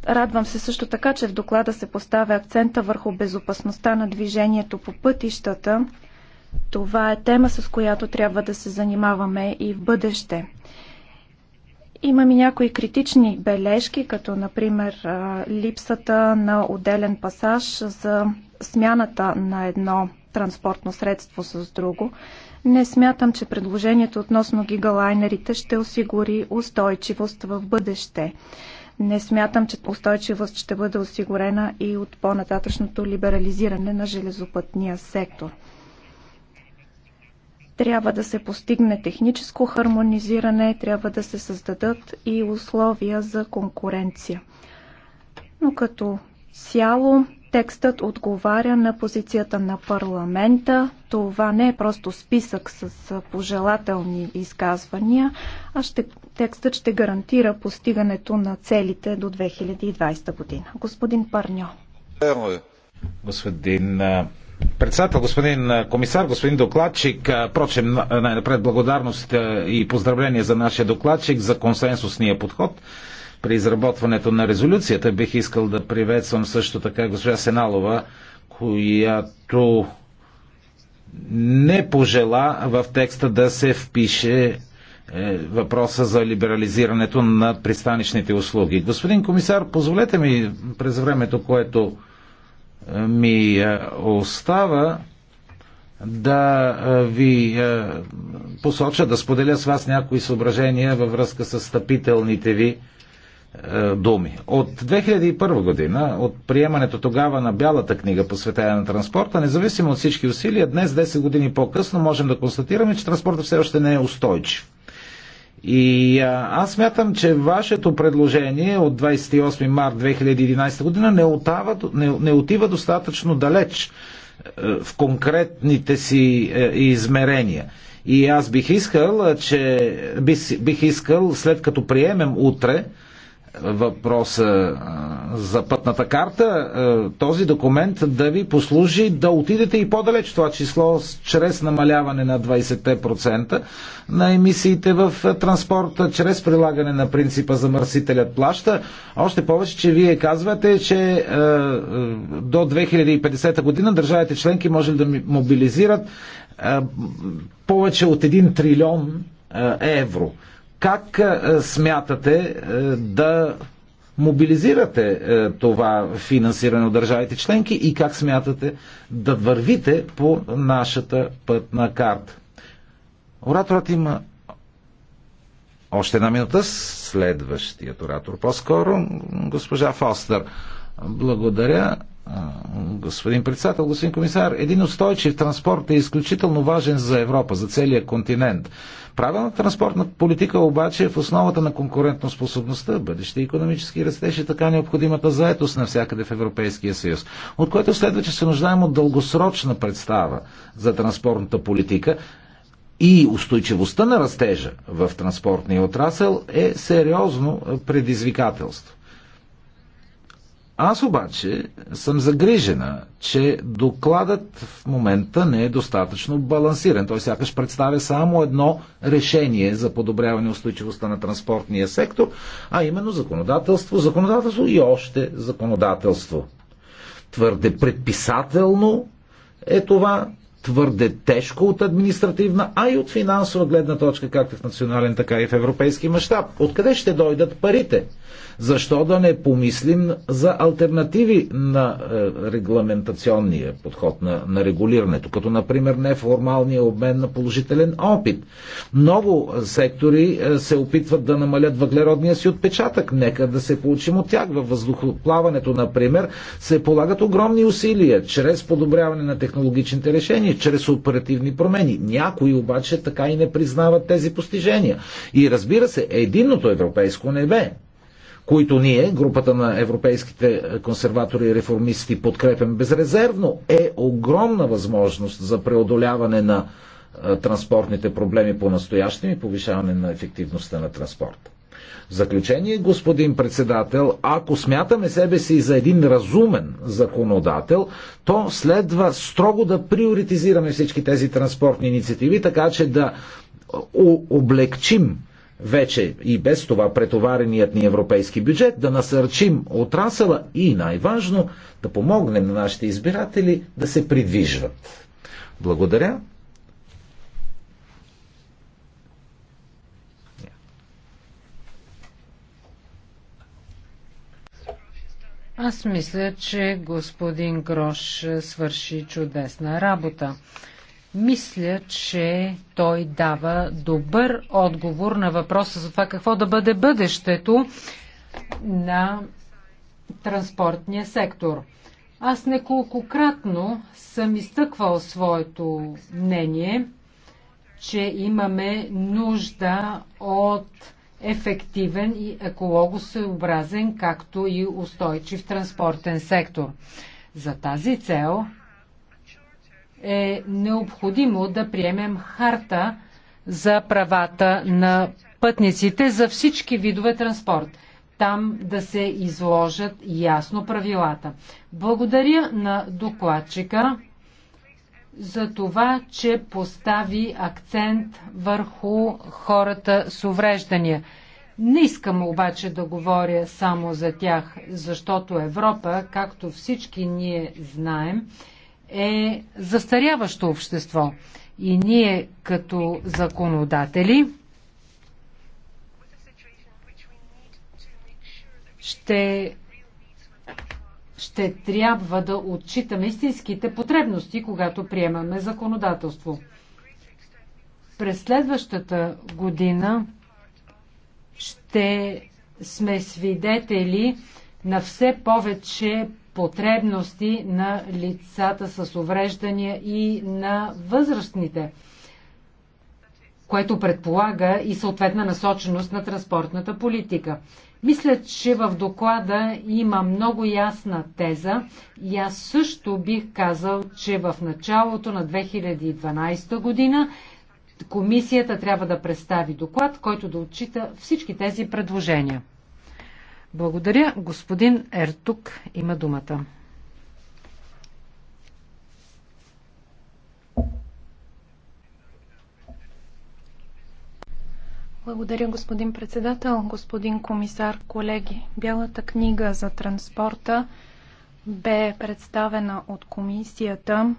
Радвам се също така, че в доклада се поставя акцента върху безопасността на движението по пътищата. Това е тема, с която трябва да се занимаваме и в бъдеще. Имам и някои критични бележки, като например липсата на отделен пасаж за смяната на едно транспортно средство с друго. Не смятам, че предложението относно гигалайнерите ще осигури устойчивост в бъдеще. Не смятам, че устойчивост ще бъде осигурена и от по-нататъчното либерализиране на железопътния сектор трябва да се постигне техническо хармонизиране, трябва да се създадат и условия за конкуренция. Но като цяло Текстът отговаря на позицията на парламента. Това не е просто списък с пожелателни изказвания, а ще, текстът ще гарантира постигането на целите до 2020 година. Господин Парньо. Господин председател, господин комисар, господин докладчик. Прочем, най-напред благодарност и поздравления за нашия докладчик, за консенсусния подход при изработването на резолюцията. Бих искал да приветствам също така госпожа Сеналова, която не пожела в текста да се впише е, въпроса за либерализирането на пристанищните услуги. Господин комисар, позволете ми през времето, което е, ми е, остава, да ви посоча, да споделя с вас някои съображения във връзка с стъпителните ви е, думи. От 2001 година, от приемането тогава на Бялата книга, по светая на транспорта, независимо от всички усилия, днес, 10 години по-късно, можем да констатираме, че транспортът все още не е устойчив. И а, аз мятам, че вашето предложение от 28 март 2011 година не, отава, не, не отива достатъчно далеч е, в конкретните си е, измерения. И аз бих искал, че бих, бих искал, след като приемем утре въпроса за пътната карта, този документ да ви послужи да отидете и по-далеч това число, чрез намаляване на 20% на емисиите в транспорта, чрез прилагане на принципа замърсителят плаща. Още повече, че вие казвате, че до 2050 година държавите членки може да мобилизират повече от 1 трилион евро как е, смятате е, да мобилизирате е, това финансиране от държавите членки и как смятате да вървите по нашата пътна карта? Ораторът има още една минута. Следващият оратор по-скоро, госпожа Фостер. Благодаря господин председател, господин комисар, един устойчив транспорт е изключително важен за Европа, за целия континент. Правилна транспортна политика обаче е в основата на конкурентоспособността, бъдеще економически растеж и е така необходимата заетост навсякъде в Европейския съюз, от което следва, че се нуждаем от дългосрочна представа за транспортната политика, и устойчивостта на растежа в транспортния отрасъл е сериозно предизвикателство. Аз обаче съм загрижена, че докладът в момента не е достатъчно балансиран. Той сякаш представя само едно решение за подобряване устойчивостта на транспортния сектор, а именно законодателство, законодателство и още законодателство. Твърде предписателно е това твърде тежко от административна, а и от финансова гледна точка, както в национален, така и в европейски мащаб. Откъде ще дойдат парите? Защо да не помислим за альтернативи на е, регламентационния подход на, на регулирането, като например неформалния обмен на положителен опит? Много сектори е, се опитват да намалят въглеродния си отпечатък. Нека да се получим от тях. Във въздухоплаването, например, се полагат огромни усилия чрез подобряване на технологичните решения постижения чрез оперативни промени. Някои обаче така и не признават тези постижения. И разбира се, единното европейско небе, които ние, групата на европейските консерватори и реформисти, подкрепям безрезервно, е огромна възможност за преодоляване на транспортните проблеми по настоящем и повишаване на ефективността на транспорта. В заключение, господин председател, ако смятаме себе си за един разумен законодател, то следва строго да приоритизираме всички тези транспортни инициативи, така че да облегчим вече и без това претовареният ни европейски бюджет, да насърчим отрасъла и най-важно да помогнем на нашите избиратели да се придвижват. Благодаря. Аз мисля, че господин Грош свърши чудесна работа. Мисля, че той дава добър отговор на въпроса за това какво да бъде бъдещето на транспортния сектор. Аз неколкократно съм изтъквал своето мнение, че имаме нужда от ефективен и екологосъобразен, както и устойчив транспортен сектор. За тази цел е необходимо да приемем харта за правата на пътниците за всички видове транспорт. Там да се изложат ясно правилата. Благодаря на докладчика за това, че постави акцент върху хората с увреждания. Не искам обаче да говоря само за тях, защото Европа, както всички ние знаем, е застаряващо общество. И ние като законодатели ще ще трябва да отчитаме истинските потребности, когато приемаме законодателство. През следващата година ще сме свидетели на все повече потребности на лицата с увреждания и на възрастните, което предполага и съответна насоченост на транспортната политика. Мисля, че в доклада има много ясна теза и аз също бих казал, че в началото на 2012 година комисията трябва да представи доклад, който да отчита всички тези предложения. Благодаря. Господин Ертук има думата. Благодаря, господин председател, господин комисар, колеги. Бялата книга за транспорта бе представена от комисията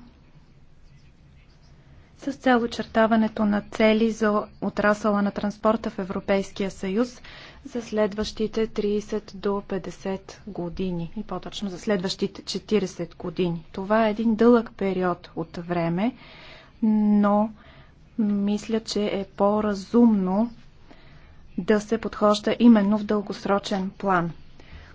с цел очертаването на цели за отрасъла на транспорта в Европейския съюз за следващите 30 до 50 години и по-точно за следващите 40 години. Това е един дълъг период от време, но мисля, че е по-разумно да се подхожда именно в дългосрочен план.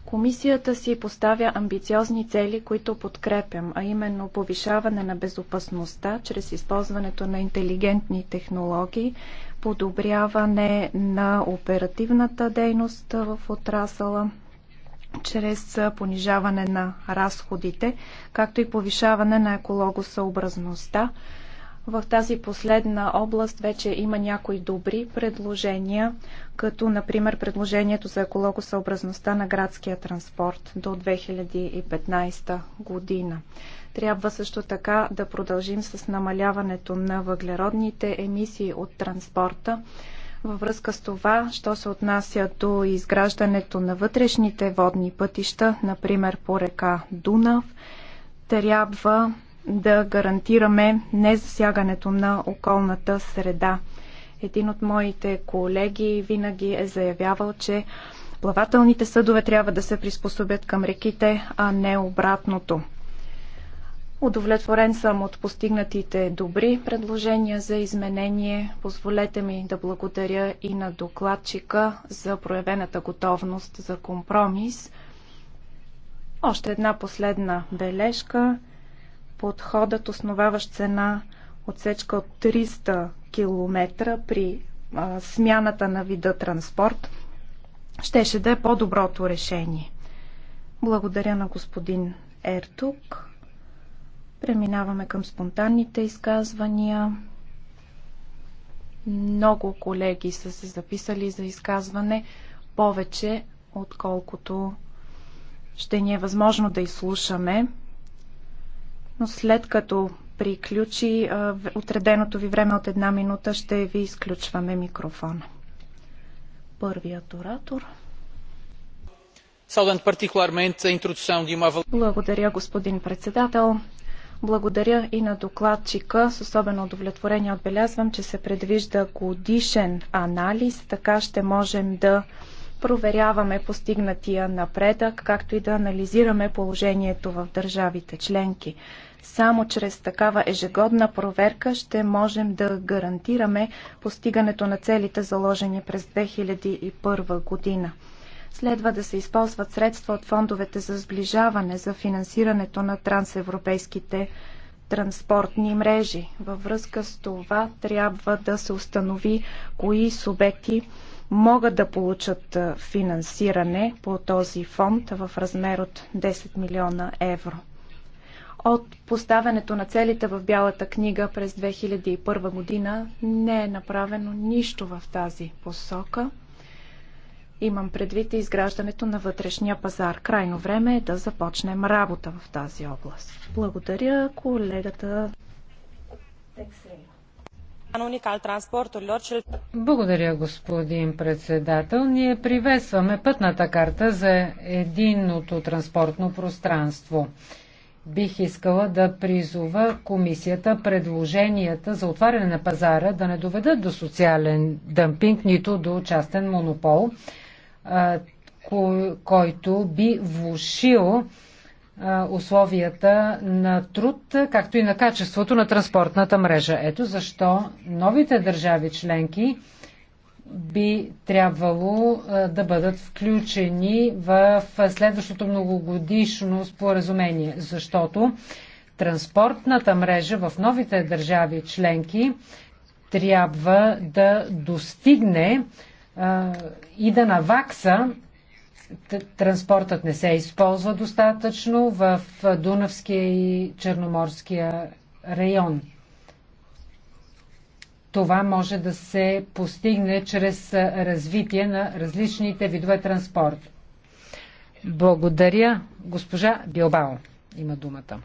Комисията си поставя амбициозни цели, които подкрепям, а именно повишаване на безопасността чрез използването на интелигентни технологии, подобряване на оперативната дейност в отрасъла, чрез понижаване на разходите, както и повишаване на екологосъобразността, в тази последна област вече има някои добри предложения, като например предложението за екологосъобразността на градския транспорт до 2015 година. Трябва също така да продължим с намаляването на въглеродните емисии от транспорта. Във връзка с това, що се отнася до изграждането на вътрешните водни пътища, например по река Дунав, трябва да гарантираме незасягането на околната среда. Един от моите колеги винаги е заявявал, че плавателните съдове трябва да се приспособят към реките, а не обратното. Удовлетворен съм от постигнатите добри предложения за изменение. Позволете ми да благодаря и на докладчика за проявената готовност за компромис. Още една последна бележка подходът, основаващ се на отсечка от 300 км при а, смяната на вида транспорт, щеше да е по-доброто решение. Благодаря на господин Ертук. Преминаваме към спонтанните изказвания. Много колеги са се записали за изказване, повече отколкото ще ни е възможно да изслушаме но след като приключи отреденото ви време от една минута, ще ви изключваме микрофона. Първият оратор. Благодаря, господин председател. Благодаря и на докладчика. С особено удовлетворение отбелязвам, че се предвижда годишен анализ. Така ще можем да проверяваме постигнатия напредък, както и да анализираме положението в държавите членки. Само чрез такава ежегодна проверка ще можем да гарантираме постигането на целите заложени през 2001 година. Следва да се използват средства от фондовете за сближаване за финансирането на трансевропейските транспортни мрежи. Във връзка с това трябва да се установи кои субекти могат да получат финансиране по този фонд в размер от 10 милиона евро от поставянето на целите в Бялата книга през 2001 година не е направено нищо в тази посока. Имам предвид и изграждането на вътрешния пазар. Крайно време е да започнем работа в тази област. Благодаря колегата благодаря, господин председател. Ние приветстваме пътната карта за единното транспортно пространство бих искала да призова комисията предложенията за отваряне на пазара да не доведат до социален дъмпинг, нито до частен монопол, който би влушил условията на труд, както и на качеството на транспортната мрежа. Ето защо новите държави членки би трябвало е, да бъдат включени в следващото многогодишно споразумение, защото транспортната мрежа в новите държави членки трябва да достигне а, е, и да навакса. Транспортът не се използва достатъчно в Дунавския и Черноморския район това може да се постигне чрез развитие на различните видове транспорт. Благодаря. Госпожа Билбао има думата.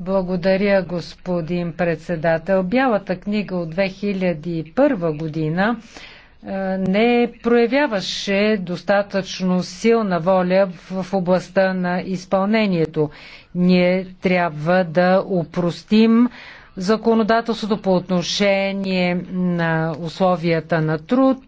Благодаря, господин председател. Бялата книга от 2001 година е, не проявяваше достатъчно силна воля в областта на изпълнението. Ние трябва да упростим законодателството по отношение на условията на труд,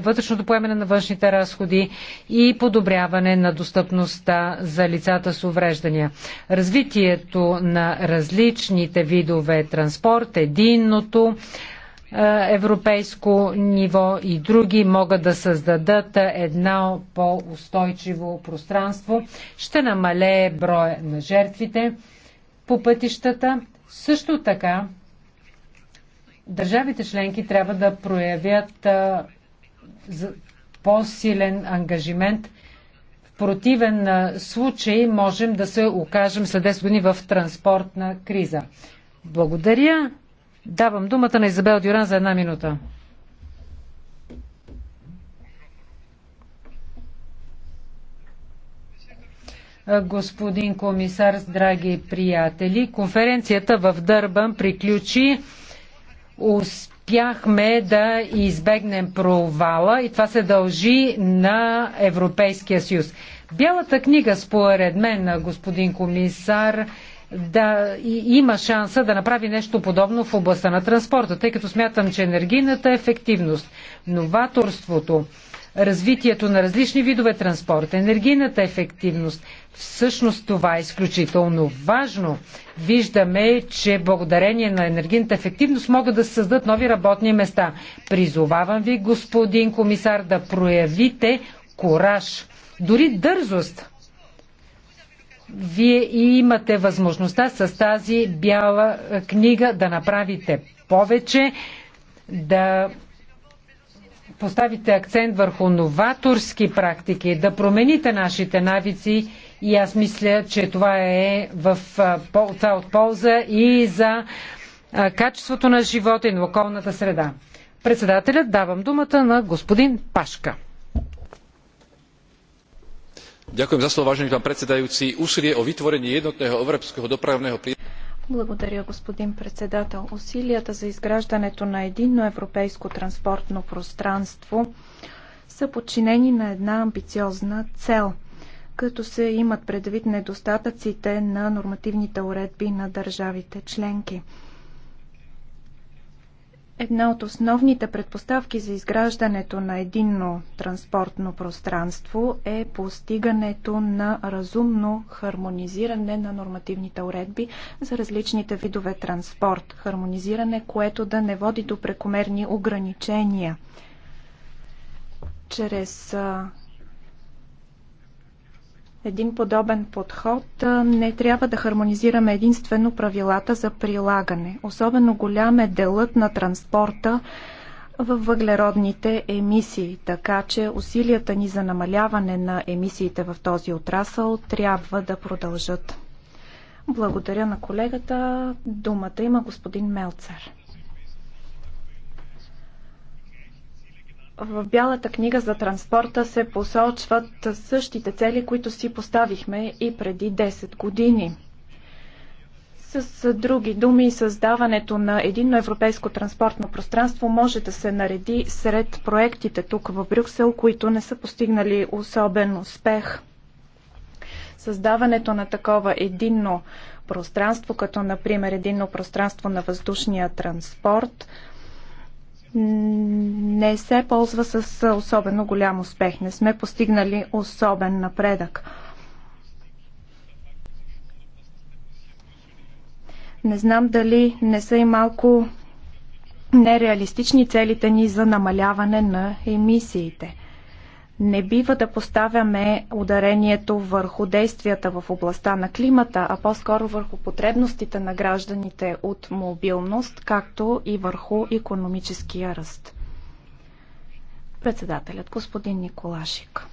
вътрешното поемане на външните разходи и подобряване на достъпността за лицата с увреждания. Развитието на различните видове транспорт, единното, е, европейско ниво и други могат да създадат едно по-устойчиво пространство. Ще намалее броя на жертвите по пътищата. Също така, държавите членки трябва да проявят е, по-силен ангажимент. В противен е, случай можем да се окажем след 10 години в транспортна криза. Благодаря. Давам думата на Изабел Дюран за една минута. Господин комисар, драги приятели, конференцията в Дърбан приключи. Успяхме да избегнем провала и това се дължи на Европейския съюз. Бялата книга, според мен, господин комисар, да има шанса да направи нещо подобно в областта на транспорта, тъй като смятам, че енергийната ефективност, новаторството, развитието на различни видове транспорт, енергийната ефективност, всъщност това е изключително важно. Виждаме, че благодарение на енергийната ефективност могат да се създадат нови работни места. Призовавам ви, господин комисар, да проявите кораж, дори дързост вие имате възможността с тази бяла е, книга да направите повече, да поставите акцент върху новаторски практики, да промените нашите навици и аз мисля, че това е в, е, това е от полза и за качеството на живота и на околната среда. Председателят давам думата на господин Пашка úsilie o vytvorenie jednotného európskeho dopravného благодаря, господин председател. Усилията за изграждането на единно европейско транспортно пространство са подчинени на една амбициозна цел, като се имат предвид недостатъците на нормативните уредби на държавите членки. Една от основните предпоставки за изграждането на единно транспортно пространство е постигането на разумно хармонизиране на нормативните уредби за различните видове транспорт. Хармонизиране, което да не води до прекомерни ограничения. Чрез един подобен подход не трябва да хармонизираме единствено правилата за прилагане. Особено голям е делът на транспорта във въглеродните емисии, така че усилията ни за намаляване на емисиите в този отрасъл трябва да продължат. Благодаря на колегата. Думата има господин Мелцер. В Бялата книга за транспорта се посочват същите цели, които си поставихме и преди 10 години. С други думи, създаването на единно европейско транспортно пространство може да се нареди сред проектите тук в Брюксел, които не са постигнали особен успех. Създаването на такова единно пространство, като например единно пространство на въздушния транспорт – не се ползва с особено голям успех. Не сме постигнали особен напредък. Не знам дали не са и малко нереалистични целите ни за намаляване на емисиите. Не бива да поставяме ударението върху действията в областта на климата, а по-скоро върху потребностите на гражданите от мобилност, както и върху економическия ръст. Председателят господин Николашик.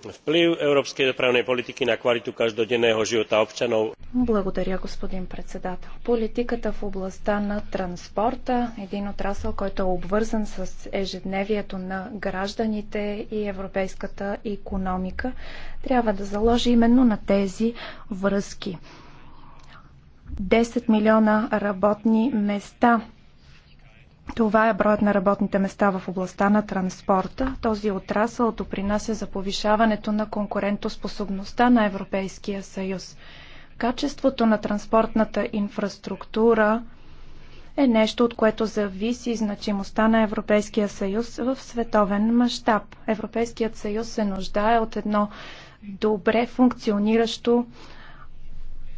Vplyv európskej dopravnej politiky na kvalitu každodenného života občanov. Благодаря, господин председател. Политиката в областта на транспорта, един отрасъл, който е обвързан с ежедневието на гражданите и европейската економика, трябва да заложи именно на тези връзки. 10 милиона работни места – това е броят на работните места в областта на транспорта. Този отрасъл допринася за повишаването на конкурентоспособността на Европейския съюз. Качеството на транспортната инфраструктура е нещо, от което зависи значимостта на Европейския съюз в световен мащаб. Европейският съюз се нуждае от едно добре функциониращо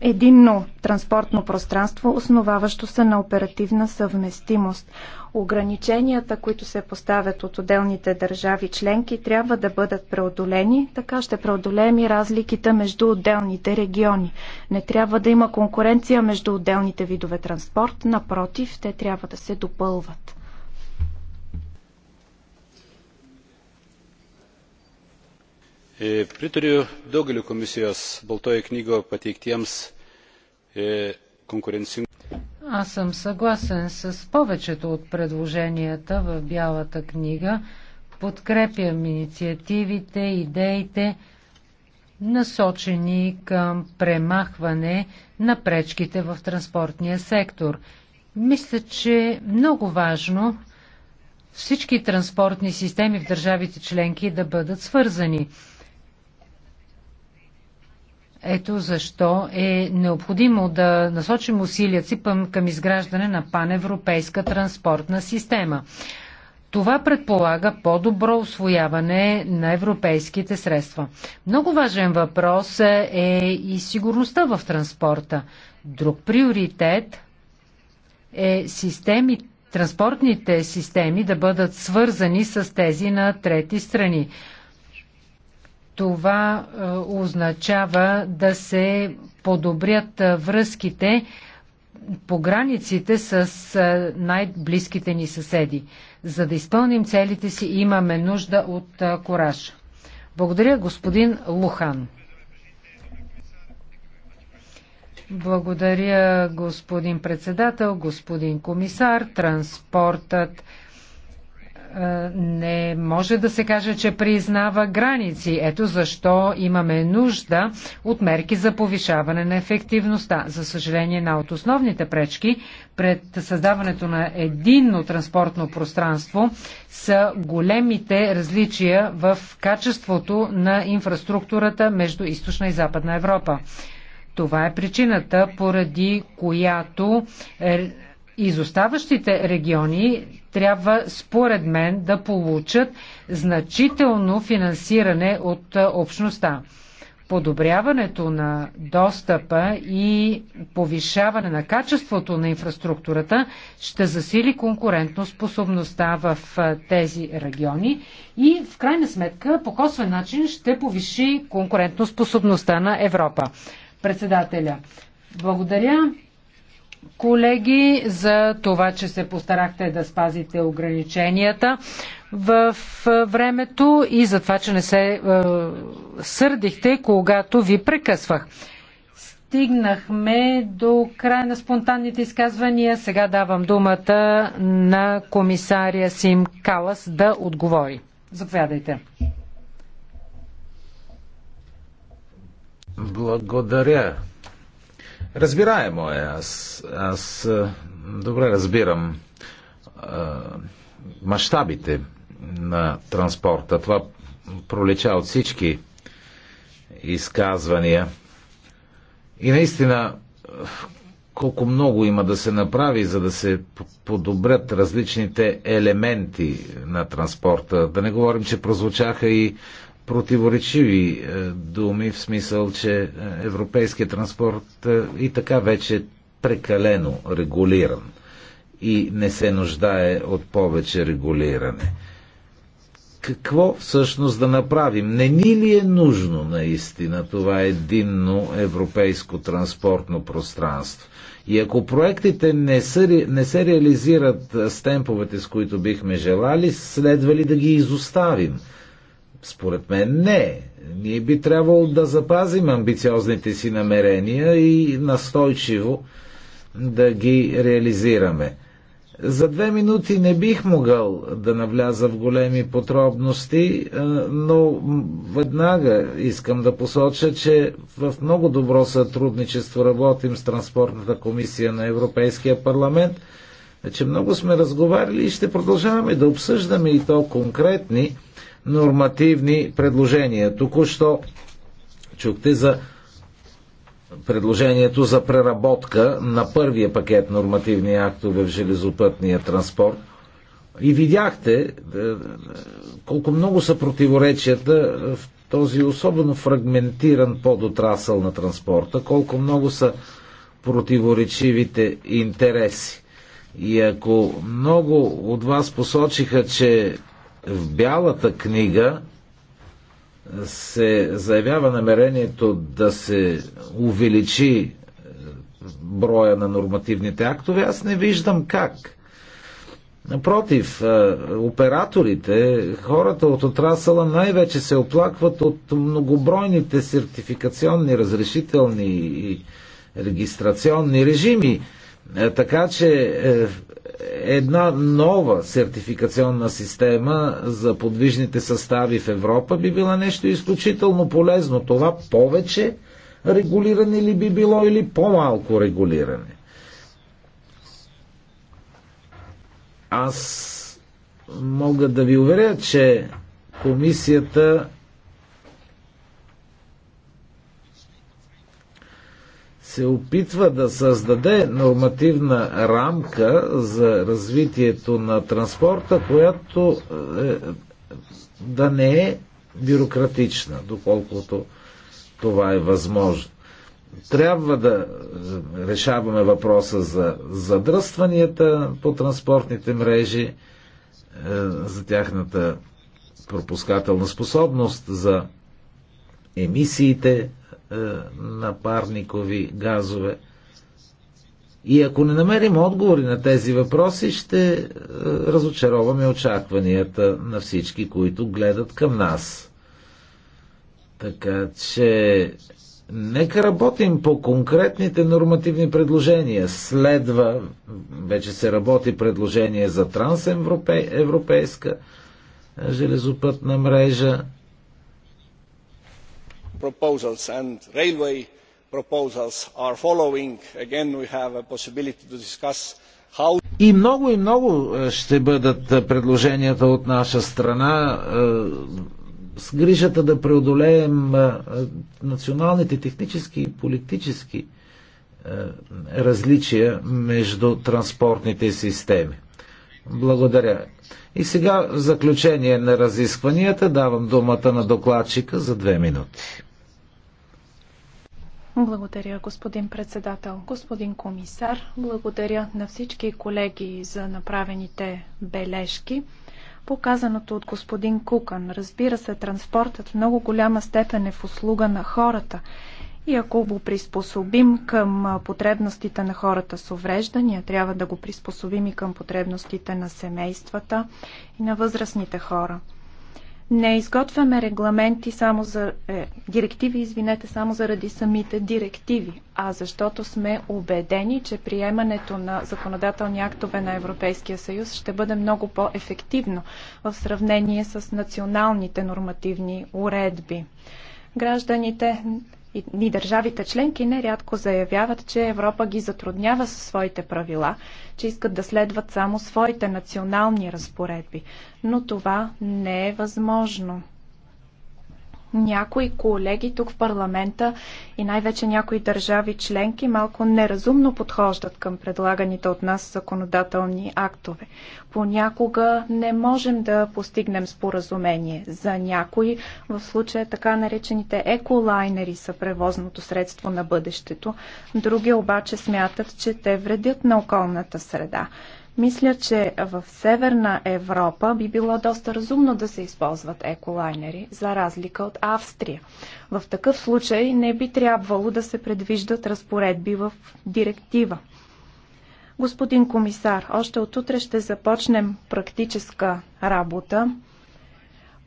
единно транспортно пространство, основаващо се на оперативна съвместимост. Ограниченията, които се поставят от отделните държави членки, трябва да бъдат преодолени, така ще преодолеем и разликите между отделните региони. Не трябва да има конкуренция между отделните видове транспорт, напротив, те трябва да се допълват. pritariu daugeliui komisijos baltojoje knygoje pateiktiems конкуренци... Аз съм съгласен с повечето от предложенията в Бялата книга. Подкрепям инициативите, идеите, насочени към премахване на пречките в транспортния сектор. Мисля, че е много важно всички транспортни системи в държавите членки да бъдат свързани. Ето защо е необходимо да насочим усилията си към изграждане на паневропейска транспортна система. Това предполага по-добро освояване на европейските средства. Много важен въпрос е и сигурността в транспорта. Друг приоритет е системи, транспортните системи да бъдат свързани с тези на трети страни това е, означава да се подобрят е, връзките по границите с е, най-близките ни съседи. За да изпълним целите си, имаме нужда от кораж. Благодаря, господин Лухан. Благодаря, господин председател, господин комисар. Транспортът е, не може да се каже, че признава граници. Ето защо имаме нужда от мерки за повишаване на ефективността. За съжаление, една от основните пречки пред създаването на единно транспортно пространство са големите различия в качеството на инфраструктурата между източна и западна Европа. Това е причината, поради която е, изоставащите региони трябва, според мен, да получат значително финансиране от общността. Подобряването на достъпа и повишаване на качеството на инфраструктурата ще засили конкурентно способността в тези региони и в крайна сметка по косвен начин ще повиши конкурентно способността на Европа. Председателя, благодаря колеги, за това, че се постарахте да спазите ограниченията в времето и за това, че не се е, сърдихте, когато ви прекъсвах. Стигнахме до края на спонтанните изказвания. Сега давам думата на комисария Сим Калас да отговори. Заповядайте. Благодаря, Разбираемо е. Аз, аз добре разбирам мащабите на транспорта. Това пролича от всички изказвания. И наистина, колко много има да се направи, за да се подобрят различните елементи на транспорта. Да не говорим, че прозвучаха и противоречиви е, думи, в смисъл, че е, европейският транспорт е, и така вече е прекалено регулиран и не се нуждае от повече регулиране. Какво всъщност да направим? Не ни ли е нужно наистина това единно европейско транспортно пространство? И ако проектите не, са, не се реализират с темповете, с които бихме желали, следва ли да ги изоставим? Според мен не. Ние би трябвало да запазим амбициозните си намерения и настойчиво да ги реализираме. За две минути не бих могъл да навляза в големи подробности, но веднага искам да посоча, че в много добро сътрудничество работим с Транспортната комисия на Европейския парламент. Че много сме разговаряли и ще продължаваме да обсъждаме и то конкретни нормативни предложения. Току-що чухте за предложението за преработка на първия пакет нормативни актове в железопътния транспорт. И видяхте е, колко много са противоречията в този особено фрагментиран подотрасъл на транспорта, колко много са противоречивите интереси. И ако много от вас посочиха, че в Бялата книга се заявява намерението да се увеличи е, броя на нормативните актове, аз не виждам как. Напротив, е, операторите, хората от отрасъла най-вече се оплакват от многобройните сертификационни, разрешителни и регистрационни режими. Е, така че една нова сертификационна система за подвижните състави в Европа би била нещо изключително полезно. Това повече регулиране ли би било или по-малко регулиране? Аз мога да ви уверя, че комисията се опитва да създаде нормативна рамка за развитието на транспорта, която е, да не е бюрократична, доколкото това е възможно. Трябва да е, решаваме въпроса за задръстванията по транспортните мрежи, е, за тяхната пропускателна способност, за емисиите е, на парникови газове. И ако не намерим отговори на тези въпроси, ще е, разочароваме очакванията на всички, които гледат към нас. Така че нека работим по конкретните нормативни предложения. Следва, вече се работи предложение за трансевропейска е, железопътна мрежа proposals and railway proposals are following, again we have a possibility to discuss how... И много и много е, ще бъдат е, предложенията от наша страна е, с грижата да преодолеем националните технически и политически различия между транспортните системи. Благодаря. И сега в заключение на разискванията давам думата на докладчика за две минути. Благодаря, господин председател. Господин комисар, благодаря на всички колеги за направените бележки. Показаното от господин Кукан, разбира се, транспортът в много голяма степен е в услуга на хората. И ако го приспособим към потребностите на хората с увреждания, трябва да го приспособим и към потребностите на семействата и на възрастните хора. Не изготвяме регламенти само за е, директиви, извинете, само заради самите директиви, а защото сме убедени, че приемането на законодателни актове на Европейския съюз ще бъде много по-ефективно в сравнение с националните нормативни уредби. Гражданите и, държавите членки нерядко заявяват, че Европа ги затруднява със своите правила, че искат да следват само своите национални разпоредби. Но това не е възможно някои колеги тук в парламента и най-вече някои държави членки малко неразумно подхождат към предлаганите от нас законодателни актове. Понякога не можем да постигнем споразумение. За някои, в случая така наречените еколайнери са превозното средство на бъдещето, други обаче смятат, че те вредят на околната среда. Мисля, че в Северна Европа би било доста разумно да се използват еколайнери, за разлика от Австрия. В такъв случай не би трябвало да се предвиждат разпоредби в директива. Господин комисар, още от утре ще започнем практическа работа.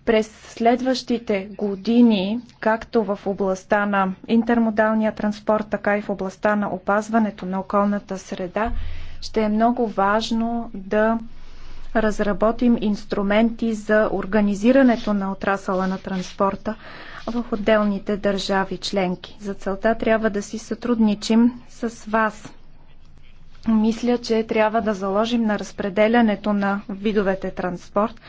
През следващите години, както в областта на интермодалния транспорт, така и в областта на опазването на околната среда, ще е много важно да разработим инструменти за организирането на отрасъла на транспорта в отделните държави членки. За целта трябва да си сътрудничим с вас. Мисля, че трябва да заложим на разпределянето на видовете транспорт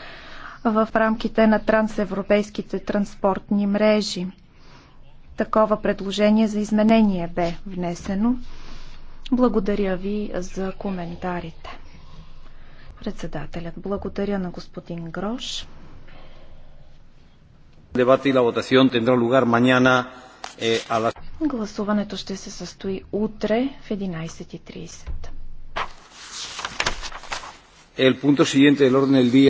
в рамките на трансевропейските транспортни мрежи. Такова предложение за изменение бе внесено. Благодаря ви за коментарите. Председателят, благодаря на господин Грош. Дебата и е, Гласуването ще се състои утре в 11.30. El punto siguiente del orden del día